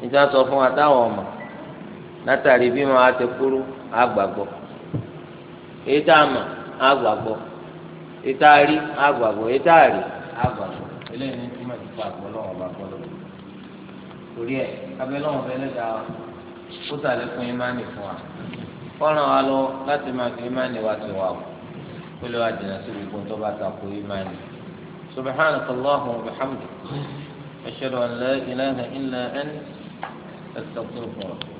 A: níta sọ fún wa táwọn ọmọ látàrí bí wọn á ti kúrú á gbàgbọ́ èyí
B: àgbàdo eléyìí ní túmọ̀ sí àgbọ̀ lọ́wọ́ ọba gbọ́dọ̀
A: torí ẹ̀ abẹ́lọ́wọ́ fẹ́lẹ́ da kó sàlékún ìmánì fún wa fọ́nrán wa lọ láti máa fi ìmánì wa ti wà o kó lè wá jìnnà sí gbogbo tó bá ta kó ìmánì subhanaka allahumma wa bihamdika ashhadu an
B: la ilaha illa anta astaghfiruka